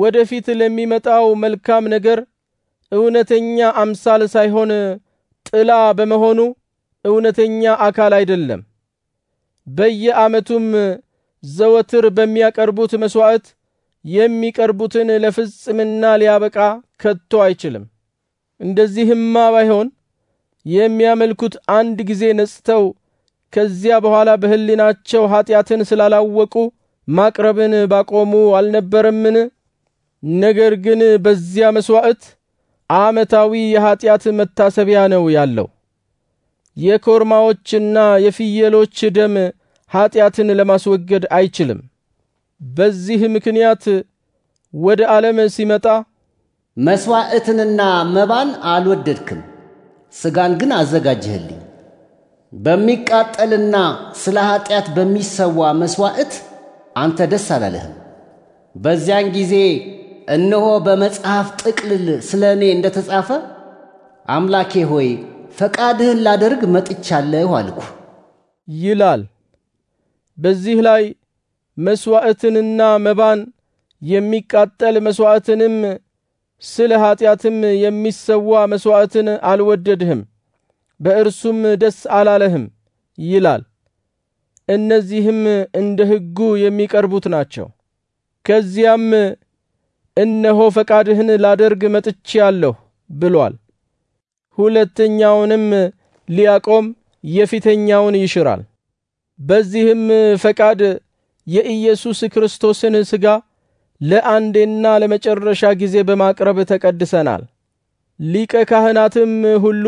ወደፊት ለሚመጣው መልካም ነገር እውነተኛ አምሳል ሳይሆን ጥላ በመሆኑ እውነተኛ አካል አይደለም። በየዓመቱም ዘወትር በሚያቀርቡት መሥዋዕት የሚቀርቡትን ለፍጽምና ሊያበቃ ከቶ አይችልም። እንደዚህማ ባይሆን የሚያመልኩት አንድ ጊዜ ነጽተው ከዚያ በኋላ በሕሊናቸው ኀጢአትን ስላላወቁ ማቅረብን ባቆሙ አልነበረምን? ነገር ግን በዚያ መስዋዕት ዓመታዊ የኀጢአት መታሰቢያ ነው ያለው። የኮርማዎችና የፍየሎች ደም ኀጢአትን ለማስወገድ አይችልም። በዚህ ምክንያት ወደ ዓለም ሲመጣ መሥዋዕትንና መባን አልወደድክም፣ ሥጋን ግን አዘጋጅህልኝ። በሚቃጠልና ስለ ኀጢአት በሚሰዋ መሥዋዕት አንተ ደስ አላለህም። በዚያን ጊዜ እነሆ በመጽሐፍ ጥቅልል ስለ እኔ እንደ ተጻፈ አምላኬ ሆይ ፈቃድህን ላደርግ መጥቻለሁ አልኩ ይላል። በዚህ ላይ መሥዋዕትንና መባን የሚቃጠል መሥዋዕትንም ስለ ኀጢአትም የሚሰዋ መሥዋዕትን አልወደድህም፣ በእርሱም ደስ አላለህም ይላል። እነዚህም እንደ ሕጉ የሚቀርቡት ናቸው። ከዚያም እነሆ ፈቃድህን ላደርግ መጥቼአለሁ ብሏል። ሁለተኛውንም ሊያቆም የፊተኛውን ይሽራል። በዚህም ፈቃድ የኢየሱስ ክርስቶስን ሥጋ ለአንዴና ለመጨረሻ ጊዜ በማቅረብ ተቀድሰናል። ሊቀ ካህናትም ሁሉ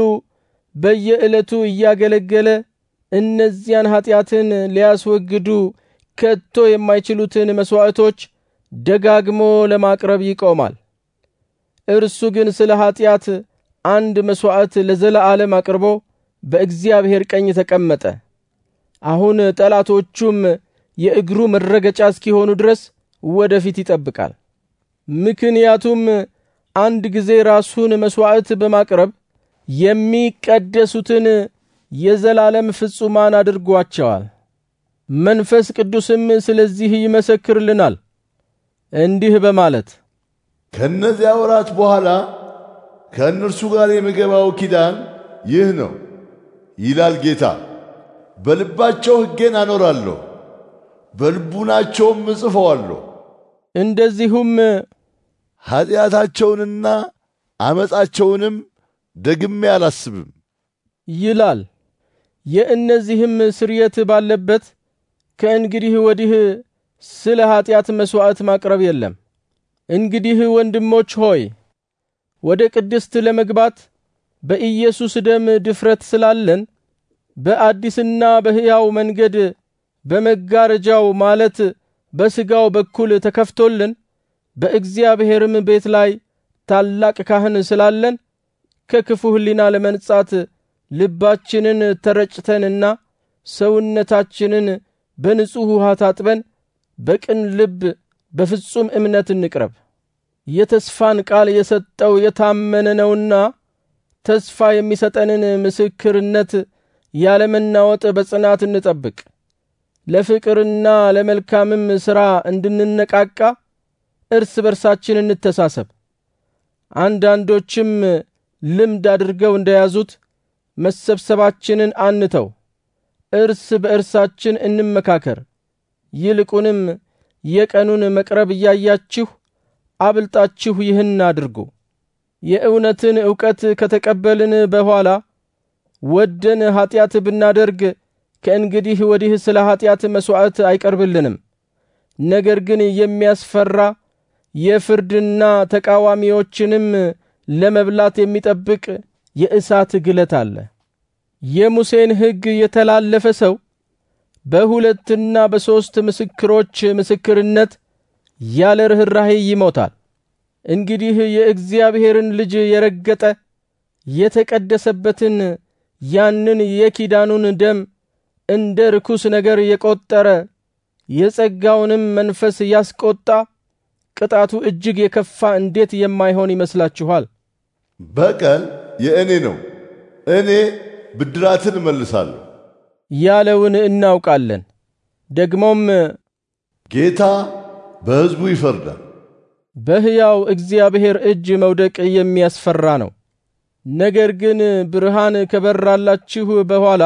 በየዕለቱ እያገለገለ እነዚያን ኀጢአትን ሊያስወግዱ ከቶ የማይችሉትን መሥዋዕቶች ደጋግሞ ለማቅረብ ይቆማል። እርሱ ግን ስለ ኀጢአት አንድ መሥዋዕት ለዘለዓለም አቅርቦ በእግዚአብሔር ቀኝ ተቀመጠ። አሁን ጠላቶቹም የእግሩ መረገጫ እስኪሆኑ ድረስ ወደ ፊት ይጠብቃል። ምክንያቱም አንድ ጊዜ ራሱን መሥዋዕት በማቅረብ የሚቀደሱትን የዘላለም ፍጹማን አድርጓቸዋል። መንፈስ ቅዱስም ስለዚህ ይመሰክርልናል እንዲህ በማለት ከእነዚያ ወራት በኋላ ከእነርሱ ጋር የምገባው ኪዳን ይህ ነው ይላል ጌታ። በልባቸው ሕጌን አኖራለሁ፣ በልቡናቸውም እጽፈዋለሁ። እንደዚሁም ኀጢአታቸውንና ዓመፃቸውንም ደግሜ አላስብም ይላል። የእነዚህም ስርየት ባለበት ከእንግዲህ ወዲህ ስለ ኀጢአት መሥዋዕት ማቅረብ የለም። እንግዲህ ወንድሞች ሆይ ወደ ቅድስት ለመግባት በኢየሱስ ደም ድፍረት ስላለን በአዲስና በሕያው መንገድ በመጋረጃው ማለት በስጋው በኩል ተከፍቶልን በእግዚአብሔርም ቤት ላይ ታላቅ ካህን ስላለን ከክፉ ሕሊና ለመንጻት ልባችንን ተረጭተንና ሰውነታችንን በንጹሕ ውሃ ታጥበን በቅን ልብ በፍጹም እምነት እንቅረብ። የተስፋን ቃል የሰጠው የታመነ ነውና ተስፋ የሚሰጠንን ምስክርነት ያለመናወጥ በጽናት እንጠብቅ። ለፍቅርና ለመልካምም ሥራ እንድንነቃቃ እርስ በርሳችን እንተሳሰብ። አንዳንዶችም ልምድ አድርገው እንደያዙት መሰብሰባችንን አንተው፣ እርስ በእርሳችን እንመካከር። ይልቁንም የቀኑን መቅረብ እያያችሁ አብልጣችሁ ይህን አድርጉ። የእውነትን እውቀት ከተቀበልን በኋላ ወደን ኀጢአት ብናደርግ ከእንግዲህ ወዲህ ስለ ኀጢአት መሥዋዕት አይቀርብልንም። ነገር ግን የሚያስፈራ የፍርድና ተቃዋሚዎችንም ለመብላት የሚጠብቅ የእሳት ግለት አለ። የሙሴን ሕግ የተላለፈ ሰው በሁለትና በሶስት ምስክሮች ምስክርነት ያለ ርኅራሄ ይሞታል። እንግዲህ የእግዚአብሔርን ልጅ የረገጠ የተቀደሰበትን ያንን የኪዳኑን ደም እንደ ርኩስ ነገር የቆጠረ የጸጋውንም መንፈስ ያስቆጣ ቅጣቱ እጅግ የከፋ እንዴት የማይሆን ይመስላችኋል? በቀል የእኔ ነው፣ እኔ ብድራትን እመልሳለሁ ያለውን እናውቃለን። ደግሞም ጌታ በሕዝቡ ይፈርዳል። በሕያው እግዚአብሔር እጅ መውደቅ የሚያስፈራ ነው። ነገር ግን ብርሃን ከበራላችሁ በኋላ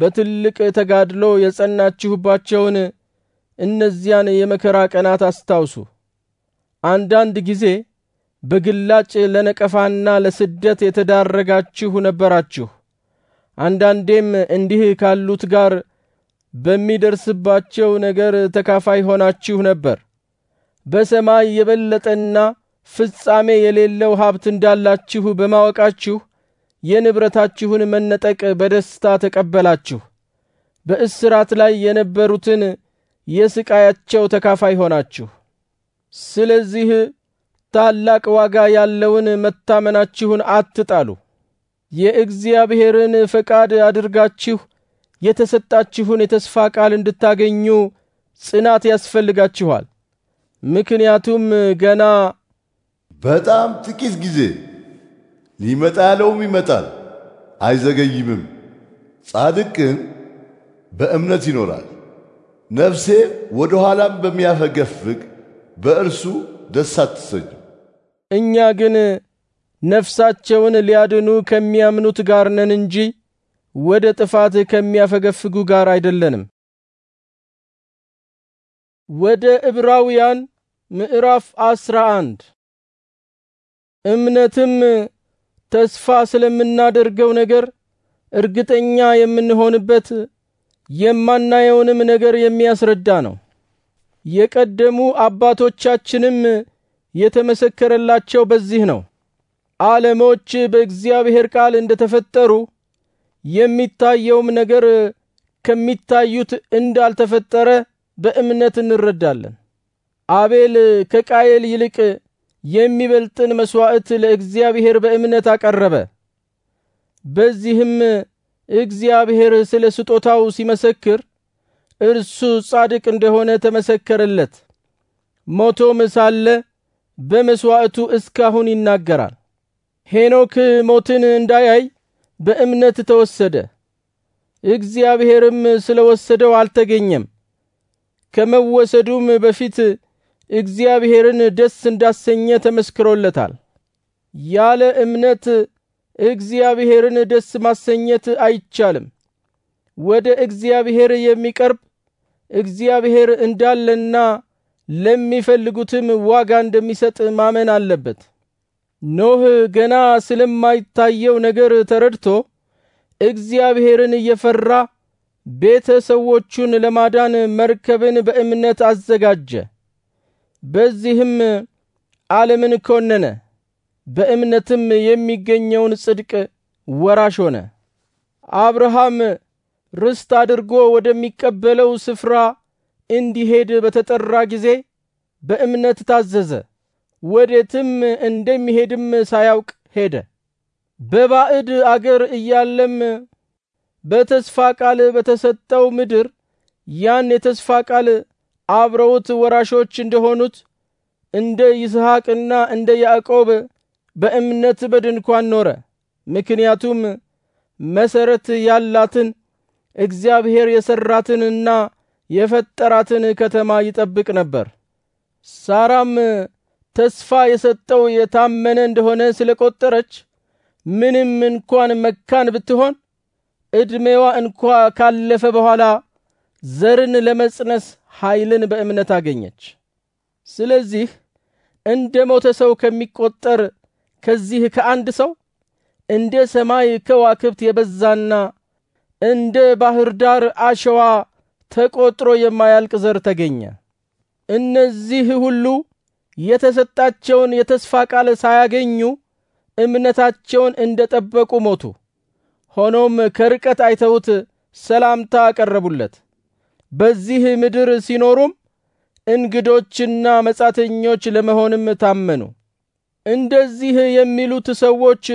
በትልቅ ተጋድሎ የጸናችሁባቸውን እነዚያን የመከራ ቀናት አስታውሱ። አንዳንድ ጊዜ በግላጭ ለነቀፋና ለስደት የተዳረጋችሁ ነበራችሁ። አንዳንዴም እንዲህ ካሉት ጋር በሚደርስባቸው ነገር ተካፋይ ሆናችሁ ነበር። በሰማይ የበለጠና ፍጻሜ የሌለው ሀብት እንዳላችሁ በማወቃችሁ የንብረታችሁን መነጠቅ በደስታ ተቀበላችሁ። በእስራት ላይ የነበሩትን የስቃያቸው ተካፋይ ሆናችሁ። ስለዚህ ታላቅ ዋጋ ያለውን መታመናችሁን አትጣሉ። የእግዚአብሔርን ፈቃድ አድርጋችሁ የተሰጣችሁን የተስፋ ቃል እንድታገኙ ጽናት ያስፈልጋችኋል። ምክንያቱም ገና በጣም ጥቂት ጊዜ ሊመጣ ያለውም ይመጣል፣ አይዘገይምም። ጻድቅ ግን በእምነት ይኖራል። ነፍሴ ወደ ኋላም በሚያፈገፍግ በእርሱ ደስ አትሰኝም። እኛ ግን ነፍሳቸውን ሊያድኑ ከሚያምኑት ጋር ነን እንጂ ወደ ጥፋት ከሚያፈገፍጉ ጋር አይደለንም። ወደ ዕብራውያን ምዕራፍ አስራ አንድ እምነትም ተስፋ ስለምናደርገው ነገር እርግጠኛ የምንሆንበት የማናየውንም ነገር የሚያስረዳ ነው። የቀደሙ አባቶቻችንም የተመሰከረላቸው በዚህ ነው። ዓለሞች በእግዚአብሔር ቃል እንደተፈጠሩ የሚታየውም ነገር ከሚታዩት እንዳልተፈጠረ በእምነት እንረዳለን። አቤል ከቃየል ይልቅ የሚበልጥን መሥዋዕት ለእግዚአብሔር በእምነት አቀረበ። በዚህም እግዚአብሔር ስለ ስጦታው ሲመሰክር እርሱ ጻድቅ እንደሆነ ተመሰከረለት። ሞቶም ሳለ በመስዋዕቱ እስካሁን ይናገራል። ሄኖክ ሞትን እንዳያይ በእምነት ተወሰደ፣ እግዚአብሔርም ስለ ወሰደው አልተገኘም። ከመወሰዱም በፊት እግዚአብሔርን ደስ እንዳሰኘ ተመስክሮለታል። ያለ እምነት እግዚአብሔርን ደስ ማሰኘት አይቻልም። ወደ እግዚአብሔር የሚቀርብ እግዚአብሔር እንዳለና ለሚፈልጉትም ዋጋ እንደሚሰጥ ማመን አለበት። ኖህ ገና ስለማይታየው ነገር ተረድቶ እግዚአብሔርን እየፈራ ሰዎቹን ለማዳን መርከብን በእምነት አዘጋጀ። በዚህም ዓለምን ኮነነ፣ በእምነትም የሚገኘውን ጽድቅ ወራሽ ሆነ። አብርሃም ርስት አድርጎ ወደሚቀበለው ስፍራ እንዲሄድ በተጠራ ጊዜ በእምነት ታዘዘ። ወዴትም እንደሚሄድም ሳያውቅ ሄደ። በባዕድ አገር እያለም በተስፋ ቃል በተሰጠው ምድር ያን የተስፋ ቃል አብረውት ወራሾች እንደሆኑት እንደ ይስሐቅና እንደ ያዕቆብ በእምነት በድንኳን ኖረ። ምክንያቱም መሰረት ያላትን እግዚአብሔር የሰራትንና የፈጠራትን ከተማ ይጠብቅ ነበር። ሳራም ተስፋ የሰጠው የታመነ እንደሆነ ስለቆጠረች ምንም እንኳን መካን ብትሆን ዕድሜዋ እንኳ ካለፈ በኋላ ዘርን ለመጽነስ ኃይልን በእምነት አገኘች። ስለዚህ እንደ ሞተ ሰው ከሚቆጠር ከዚህ ከአንድ ሰው እንደ ሰማይ ከዋክብት የበዛና እንደ ባህር ዳር አሸዋ ተቆጥሮ የማያልቅ ዘር ተገኘ። እነዚህ ሁሉ የተሰጣቸውን የተስፋ ቃል ሳያገኙ እምነታቸውን እንደ ጠበቁ ሞቱ። ሆኖም ከርቀት አይተውት ሰላምታ አቀረቡለት። በዚህ ምድር ሲኖሩም እንግዶችና መጻተኞች ለመሆንም ታመኑ። እንደዚህ የሚሉት ሰዎች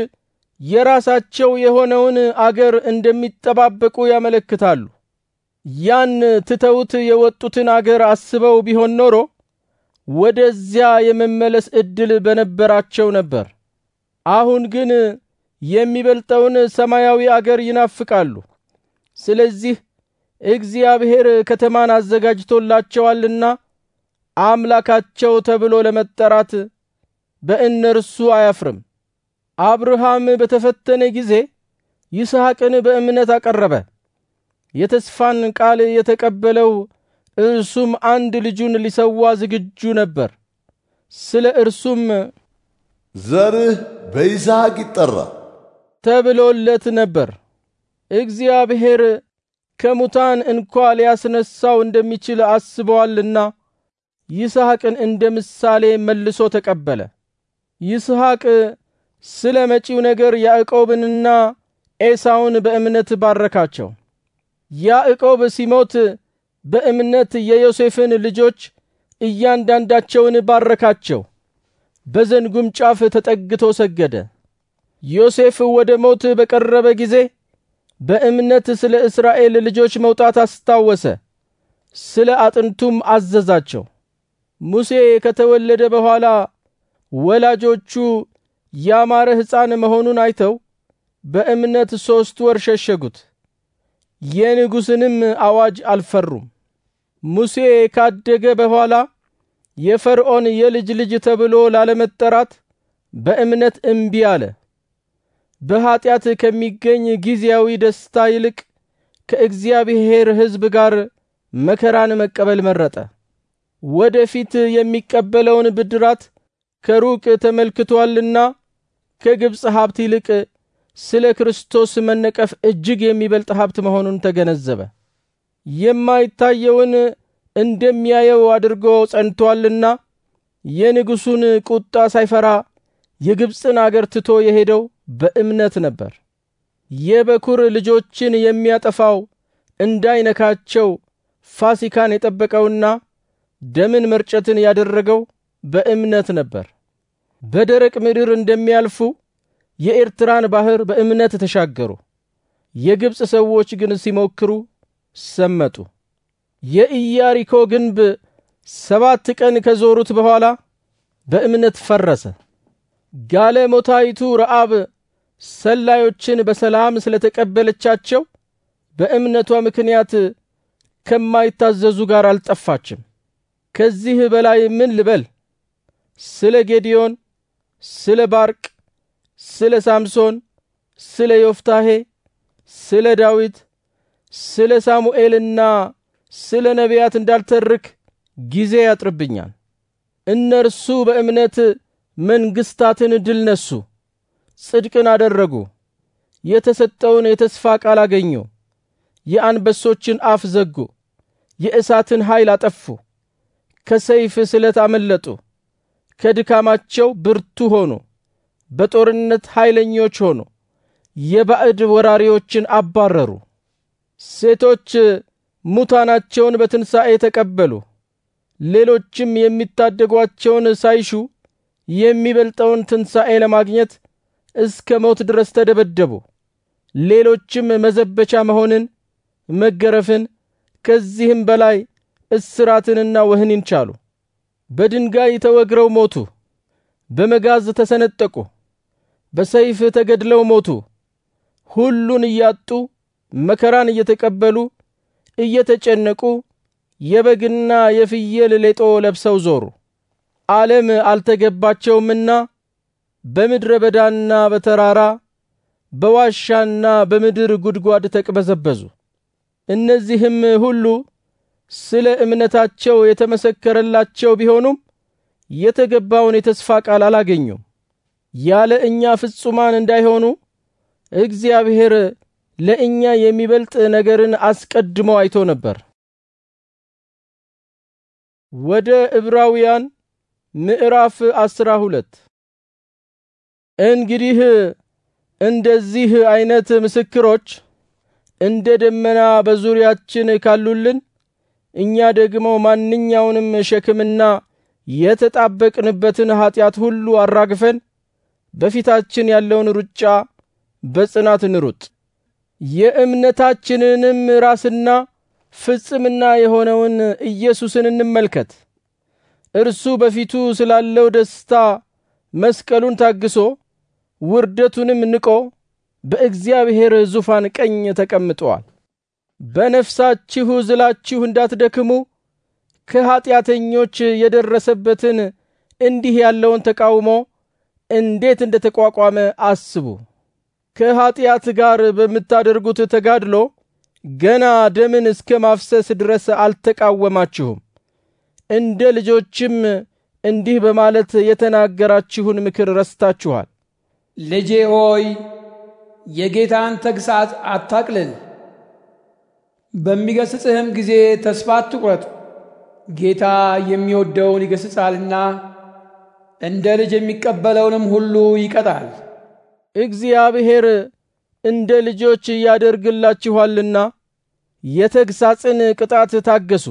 የራሳቸው የሆነውን አገር እንደሚጠባበቁ ያመለክታሉ። ያን ትተውት የወጡትን አገር አስበው ቢሆን ኖሮ ወደዚያ የመመለስ እድል በነበራቸው ነበር። አሁን ግን የሚበልጠውን ሰማያዊ አገር ይናፍቃሉ። ስለዚህ እግዚአብሔር ከተማን አዘጋጅቶላቸዋልና አምላካቸው ተብሎ ለመጠራት በእነርሱ አያፍርም። አብርሃም በተፈተነ ጊዜ ይስሐቅን በእምነት አቀረበ። የተስፋን ቃል የተቀበለው እርሱም አንድ ልጁን ሊሰዋ ዝግጁ ነበር። ስለ እርሱም ዘርህ በይስሐቅ ይጠራ ተብሎለት ነበር። እግዚአብሔር ከሙታን እንኳ ሊያስነሳው እንደሚችል አስበዋልና ይስሐቅን እንደ ምሳሌ መልሶ ተቀበለ። ይስሐቅ ስለ መጪው ነገር ያዕቆብንና ኤሳውን በእምነት ባረካቸው። ያዕቆብ ሲሞት በእምነት የዮሴፍን ልጆች እያንዳንዳቸውን ባረካቸው፣ በዘንጉም ጫፍ ተጠግቶ ሰገደ። ዮሴፍ ወደ ሞት በቀረበ ጊዜ በእምነት ስለ እስራኤል ልጆች መውጣት አስታወሰ፣ ስለ አጥንቱም አዘዛቸው። ሙሴ ከተወለደ በኋላ ወላጆቹ ያማረ ሕፃን መሆኑን አይተው በእምነት ሦስት ወር ሸሸጉት። የንጉሥንም አዋጅ አልፈሩም። ሙሴ ካደገ በኋላ የፈርዖን የልጅ ልጅ ተብሎ ላለመጠራት በእምነት እምቢ አለ። በኀጢአት ከሚገኝ ጊዜያዊ ደስታ ይልቅ ከእግዚአብሔር ሕዝብ ጋር መከራን መቀበል መረጠ። ወደ ፊት የሚቀበለውን ብድራት ከሩቅ ተመልክቶአልና ከግብፅ ሀብት ይልቅ ስለ ክርስቶስ መነቀፍ እጅግ የሚበልጥ ሀብት መሆኑን ተገነዘበ። የማይታየውን እንደሚያየው አድርጎ ጸንቶአልና የንጉሡን ቁጣ ሳይፈራ የግብፅን አገር ትቶ የሄደው በእምነት ነበር። የበኩር ልጆችን የሚያጠፋው እንዳይነካቸው ፋሲካን የጠበቀውና ደምን መርጨትን ያደረገው በእምነት ነበር። በደረቅ ምድር እንደሚያልፉ የኤርትራን ባህር በእምነት ተሻገሩ። የግብፅ ሰዎች ግን ሲሞክሩ ሰመጡ። የኢያሪኮ ግንብ ሰባት ቀን ከዞሩት በኋላ በእምነት ፈረሰ። ጋለሞታይቱ ረአብ ሰላዮችን በሰላም ስለተቀበለቻቸው በእምነቷ ምክንያት ከማይታዘዙ ጋር አልጠፋችም። ከዚህ በላይ ምን ልበል? ስለ ጌዲዮን፣ ስለ ባርቅ፣ ስለ ሳምሶን፣ ስለ ዮፍታሄ፣ ስለ ዳዊት፣ ስለ ሳሙኤልና ስለ ነቢያት እንዳልተርክ ጊዜ ያጥርብኛል። እነርሱ በእምነት መንግስታትን ድል ነሱ፣ ጽድቅን አደረጉ፣ የተሰጠውን የተስፋ ቃል አገኙ፣ የአንበሶችን አፍ ዘጉ፣ የእሳትን ኃይል አጠፉ፣ ከሰይፍ ስለት አመለጡ፣ ከድካማቸው ብርቱ ሆኑ። በጦርነት ኃይለኞች ሆኑ፣ የባዕድ ወራሪዎችን አባረሩ። ሴቶች ሙታናቸውን በትንሣኤ ተቀበሉ። ሌሎችም የሚታደጓቸውን ሳይሹ የሚበልጠውን ትንሣኤ ለማግኘት እስከ ሞት ድረስ ተደበደቡ። ሌሎችም መዘበቻ መሆንን፣ መገረፍን፣ ከዚህም በላይ እስራትንና ወህኒን ቻሉ። በድንጋይ ተወግረው ሞቱ። በመጋዝ ተሰነጠቁ። በሰይፍ ተገድለው ሞቱ። ሁሉን እያጡ መከራን እየተቀበሉ እየተጨነቁ የበግና የፍየል ሌጦ ለብሰው ዞሩ። ዓለም አልተገባቸውምና በምድረ በዳና በተራራ በዋሻና በምድር ጉድጓድ ተቅበዘበዙ። እነዚህም ሁሉ ስለ እምነታቸው የተመሰከረላቸው ቢሆኑም የተገባውን የተስፋ ቃል አላገኙም። ያለ እኛ ፍጹማን እንዳይሆኑ እግዚአብሔር ለእኛ የሚበልጥ ነገርን አስቀድሞ አይቶ ነበር። ወደ ዕብራውያን ምዕራፍ አስራ ሁለት እንግዲህ እንደዚህ አይነት ምስክሮች እንደ ደመና በዙሪያችን ካሉልን እኛ ደግሞ ማንኛውንም ሸክምና የተጣበቅንበትን ኀጢአት ሁሉ አራግፈን በፊታችን ያለውን ሩጫ በጽናት ንሩጥ። የእምነታችንንም ራስና ፍጽምና የሆነውን ኢየሱስን እንመልከት። እርሱ በፊቱ ስላለው ደስታ መስቀሉን ታግሶ ውርደቱንም ንቆ በእግዚአብሔር ዙፋን ቀኝ ተቀምጠዋል። በነፍሳችሁ ዝላችሁ እንዳትደክሙ ከኀጢአተኞች የደረሰበትን እንዲህ ያለውን ተቃውሞ እንዴት እንደ ተቋቋመ አስቡ። ከኀጢአት ጋር በምታደርጉት ተጋድሎ ገና ደምን እስከ ማፍሰስ ድረስ አልተቃወማችሁም። እንደ ልጆችም እንዲህ በማለት የተናገራችሁን ምክር ረስታችኋል። ልጄ ሆይ የጌታን ተግሣጽ አታቅልል፣ በሚገስጽህም ጊዜ ተስፋ አትቁረጥ። ጌታ የሚወደውን ይገስጻልና እንደ ልጅ የሚቀበለውንም ሁሉ ይቀጣል። እግዚአብሔር እንደ ልጆች እያደርግላችኋልና የተግሳጽን ቅጣት ታገሱ።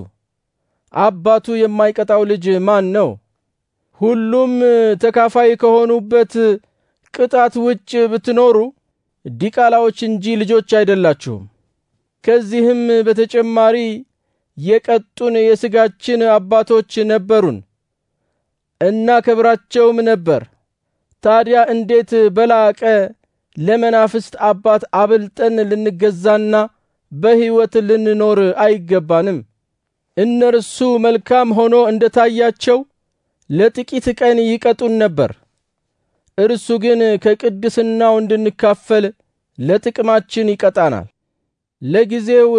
አባቱ የማይቀጣው ልጅ ማን ነው? ሁሉም ተካፋይ ከሆኑበት ቅጣት ውጭ ብትኖሩ ዲቃላዎች እንጂ ልጆች አይደላችሁም። ከዚህም በተጨማሪ የቀጡን የሥጋችን አባቶች ነበሩን። እናከብራቸውም ነበር። ታዲያ እንዴት በላቀ ለመናፍስት አባት አብልጠን ልንገዛና በሕይወት ልንኖር አይገባንም። እነርሱ መልካም ሆኖ እንደ ታያቸው ለጥቂት ቀን ይቀጡን ነበር። እርሱ ግን ከቅድስናው እንድንካፈል ለጥቅማችን ይቀጣናል። ለጊዜው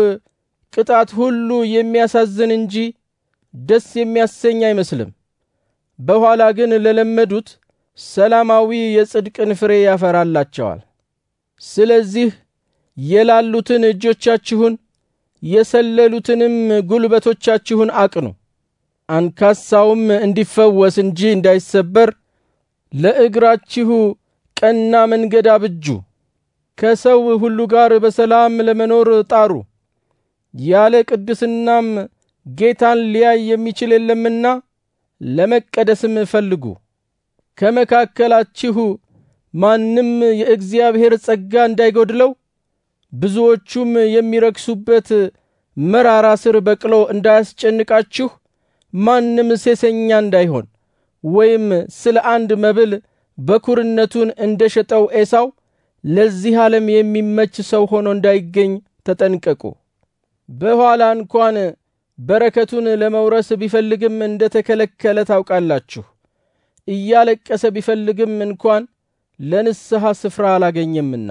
ቅጣት ሁሉ የሚያሳዝን እንጂ ደስ የሚያሰኝ አይመስልም። በኋላ ግን ለለመዱት ሰላማዊ የጽድቅን ፍሬ ያፈራላቸዋል። ስለዚህ የላሉትን እጆቻችሁን የሰለሉትንም ጉልበቶቻችሁን አቅኑ። አንካሳውም እንዲፈወስ እንጂ እንዳይሰበር ለእግራችሁ ቀና መንገድ አብጁ። ከሰው ሁሉ ጋር በሰላም ለመኖር ጣሩ። ያለ ቅድስናም ጌታን ሊያይ የሚችል የለምና ለመቀደስም ፈልጉ። ከመካከላችሁ ማንም የእግዚአብሔር ጸጋ እንዳይጎድለው ብዙዎቹም የሚረክሱበት መራራ ስር በቅሎ እንዳያስጨንቃችሁ ማንም ሴሰኛ እንዳይሆን ወይም ስለ አንድ መብል በኩርነቱን እንደሸጠው ኤሳው ለዚህ ዓለም የሚመች ሰው ሆኖ እንዳይገኝ ተጠንቀቁ። በኋላ እንኳን በረከቱን ለመውረስ ቢፈልግም እንደ ተከለከለ ታውቃላችሁ። እያለቀሰ ቢፈልግም እንኳን ለንስሐ ስፍራ አላገኘምና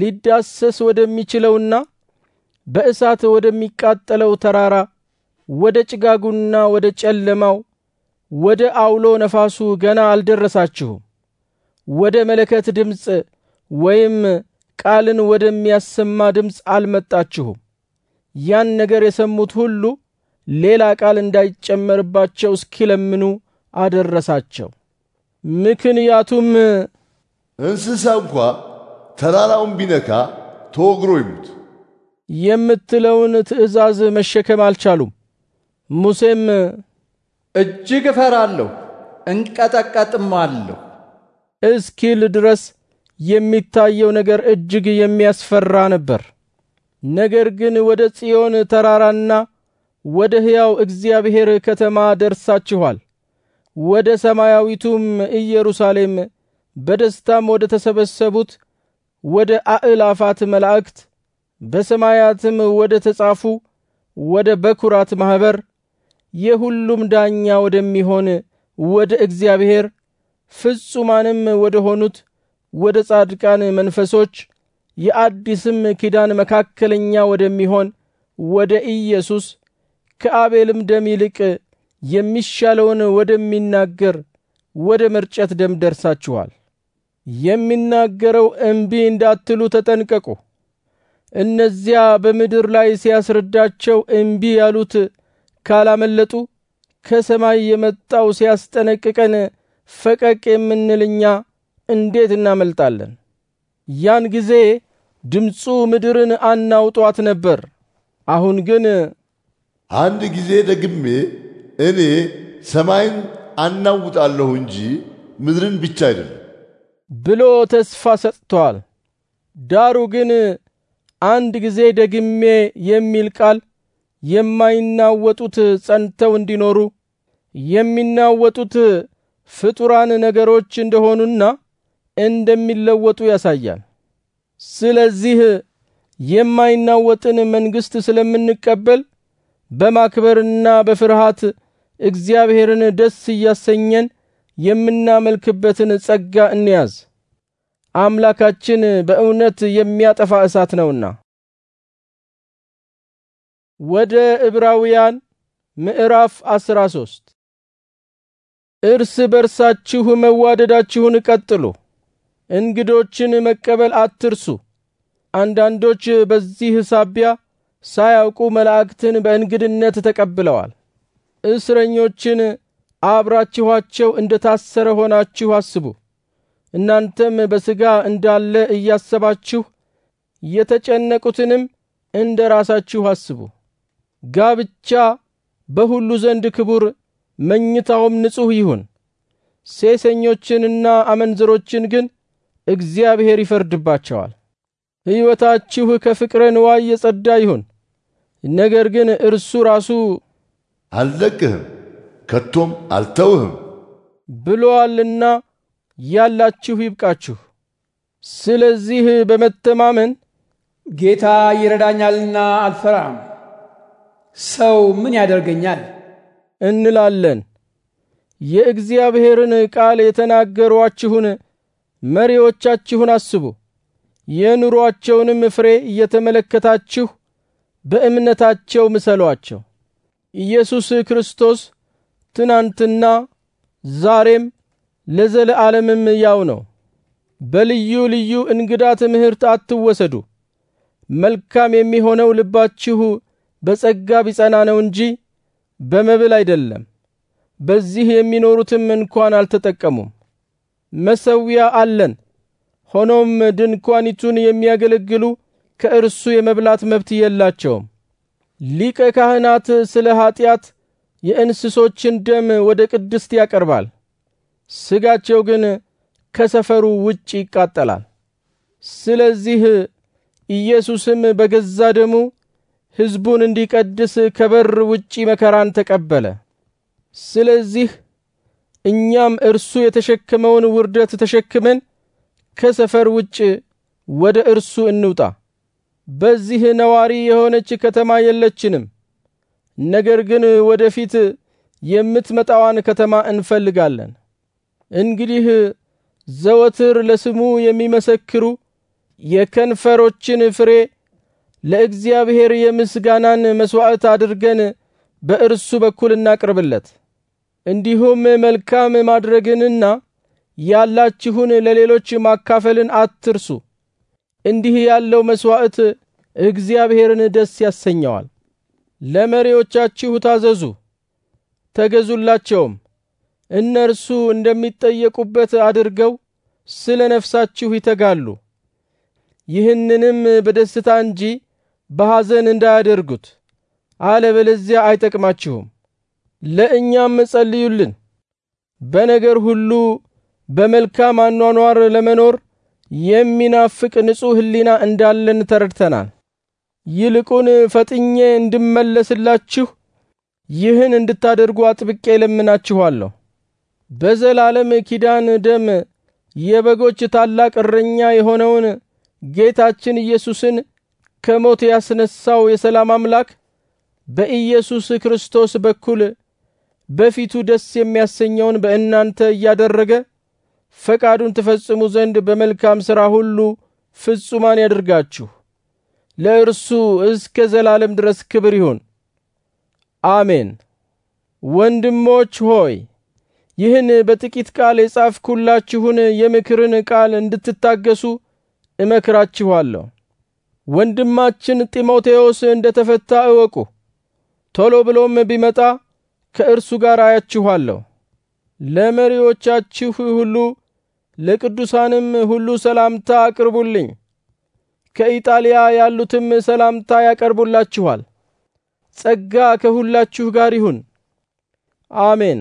ሊዳሰስ ወደሚችለውና በእሳት ወደሚቃጠለው ተራራ ወደ ጭጋጉና ወደ ጨለማው ወደ አውሎ ነፋሱ ገና አልደረሳችሁም። ወደ መለከት ድምፅ ወይም ቃልን ወደሚያሰማ ድምፅ አልመጣችሁም። ያን ነገር የሰሙት ሁሉ ሌላ ቃል እንዳይጨመርባቸው እስኪለምኑ አደረሳቸው። ምክንያቱም እንስሳ እንኳ ተራራውን ቢነካ ተወግሮ ይሙት የምትለውን ትእዛዝ መሸከም አልቻሉም። ሙሴም እጅግ እፈራለሁ እንቀጠቀጥማለሁ እስኪል ድረስ የሚታየው ነገር እጅግ የሚያስፈራ ነበር። ነገር ግን ወደ ጽዮን ተራራና ወደ ሕያው እግዚአብሔር ከተማ ደርሳችኋል፣ ወደ ሰማያዊቱም ኢየሩሳሌም በደስታም ወደ ተሰበሰቡት ወደ አእላፋት መላእክት በሰማያትም ወደ ተጻፉ ወደ በኩራት ማኅበር የሁሉም ዳኛ ወደሚሆን ወደ እግዚአብሔር ፍጹማንም ወደ ሆኑት ወደ ጻድቃን መንፈሶች የአዲስም ኪዳን መካከለኛ ወደሚሆን ወደ ኢየሱስ ከአቤልም ደም ይልቅ የሚሻለውን ወደሚናገር ወደ መርጨት ደም ደርሳችኋል። የሚናገረው እምቢ እንዳትሉ ተጠንቀቁ። እነዚያ በምድር ላይ ሲያስረዳቸው እምቢ ያሉት ካላመለጡ ከሰማይ የመጣው ሲያስጠነቅቀን ፈቀቅ የምንልኛ እንዴት እናመልጣለን? ያን ጊዜ ድምፁ ምድርን አናውጧት ነበር። አሁን ግን አንድ ጊዜ ደግሜ እኔ ሰማይን አናውጣለሁ እንጂ ምድርን ብቻ አይደለም ብሎ ተስፋ ሰጥቷል። ዳሩ ግን አንድ ጊዜ ደግሜ የሚል ቃል የማይናወጡት ጸንተው እንዲኖሩ የሚናወጡት ፍጡራን ነገሮች እንደሆኑና እንደሚለወጡ ያሳያል። ስለዚህ የማይናወጥን መንግሥት ስለምንቀበል በማክበርና በፍርሃት እግዚአብሔርን ደስ እያሰኘን የምናመልክበትን ጸጋ እንያዝ። አምላካችን በእውነት የሚያጠፋ እሳት ነውና። ወደ ዕብራውያን ምዕራፍ አስራ ሶስት እርስ በርሳችሁ መዋደዳችሁን ቀጥሉ። እንግዶችን መቀበል አትርሱ። አንዳንዶች በዚህ ሳቢያ ሳያውቁ መላእክትን በእንግድነት ተቀብለዋል። እስረኞችን አብራችኋቸው እንደ ታሰረ ሆናችሁ አስቡ። እናንተም በሥጋ እንዳለ እያሰባችሁ የተጨነቁትንም እንደ ራሳችሁ አስቡ። ጋብቻ በሁሉ ዘንድ ክቡር፣ መኝታውም ንጹሕ ይሁን። ሴሰኞችንና አመንዝሮችን ግን እግዚአብሔር ይፈርድባቸዋል። ሕይወታችሁ ከፍቅረ ንዋይ የጸዳ ይሁን። ነገር ግን እርሱ ራሱ አልለቅህም ከቶም አልተውህም ብሎአልና ያላችሁ ይብቃችሁ። ስለዚህ በመተማመን ጌታ ይረዳኛልና አልፈራም፣ ሰው ምን ያደርገኛል እንላለን። የእግዚአብሔርን ቃል የተናገሯችሁን መሪዎቻችሁን አስቡ። የኑሮአቸውንም ፍሬ እየተመለከታችሁ በእምነታቸው ምሰሏቸው። ኢየሱስ ክርስቶስ ትናንትና ዛሬም ለዘለዓለምም ያው ነው። በልዩ ልዩ እንግዳ ትምህርት አትወሰዱ። መልካም የሚሆነው ልባችሁ በጸጋ ቢጸና ነው እንጂ በመብል አይደለም። በዚህ የሚኖሩትም እንኳን አልተጠቀሙም። መሰዊያ አለን። ሆኖም ድንኳኒቱን የሚያገለግሉ ከእርሱ የመብላት መብት የላቸውም። ሊቀ ካህናት ስለ ኀጢአት የእንስሶችን ደም ወደ ቅድስት ያቀርባል። ሥጋቸው ግን ከሰፈሩ ውጭ ይቃጠላል። ስለዚህ ኢየሱስም በገዛ ደሙ ሕዝቡን እንዲቀድስ ከበር ውጪ መከራን ተቀበለ። ስለዚህ እኛም እርሱ የተሸከመውን ውርደት ተሸክመን ከሰፈር ውጭ ወደ እርሱ እንውጣ። በዚህ ነዋሪ የሆነች ከተማ የለችንም፣ ነገር ግን ወደፊት የምትመጣዋን ከተማ እንፈልጋለን። እንግዲህ ዘወትር ለስሙ የሚመሰክሩ የከንፈሮችን ፍሬ ለእግዚአብሔር የምስጋናን መሥዋዕት አድርገን በእርሱ በኩል እናቅርብለት። እንዲሁም መልካም ማድረግንና ያላችሁን ለሌሎች ማካፈልን አትርሱ። እንዲህ ያለው መሥዋዕት እግዚአብሔርን ደስ ያሰኘዋል። ለመሪዎቻችሁ ታዘዙ፣ ተገዙላቸውም። እነርሱ እንደሚጠየቁበት አድርገው ስለ ነፍሳችሁ ይተጋሉ። ይህንንም በደስታ እንጂ በሐዘን እንዳያደርጉት፣ አለበለዚያ አይጠቅማችሁም። ለእኛም ጸልዩልን። በነገር ሁሉ በመልካም አኗኗር ለመኖር የሚናፍቅ ንጹሕ ሕሊና እንዳለን ተረድተናል። ይልቁን ፈጥኜ እንድመለስላችሁ ይህን እንድታደርጉ አጥብቄ ለምናችኋለሁ። በዘላለም ኪዳን ደም የበጎች ታላቅ እረኛ የሆነውን ጌታችን ኢየሱስን ከሞት ያስነሳው የሰላም አምላክ በኢየሱስ ክርስቶስ በኩል በፊቱ ደስ የሚያሰኘውን በእናንተ እያደረገ ፈቃዱን ትፈጽሙ ዘንድ በመልካም ሥራ ሁሉ ፍጹማን ያድርጋችሁ። ለእርሱ እስከ ዘላለም ድረስ ክብር ይሁን፣ አሜን። ወንድሞች ሆይ ይህን በጥቂት ቃል የጻፍኩላችሁን የምክርን ቃል እንድትታገሱ እመክራችኋለሁ። ወንድማችን ጢሞቴዎስ እንደ ተፈታ እወቁ። ቶሎ ብሎም ቢመጣ ከእርሱ ጋር አያችኋለሁ። ለመሪዎቻችሁ ሁሉ ለቅዱሳንም ሁሉ ሰላምታ አቅርቡልኝ። ከኢጣሊያ ያሉትም ሰላምታ ያቀርቡላችኋል። ጸጋ ከሁላችሁ ጋር ይሁን። አሜን።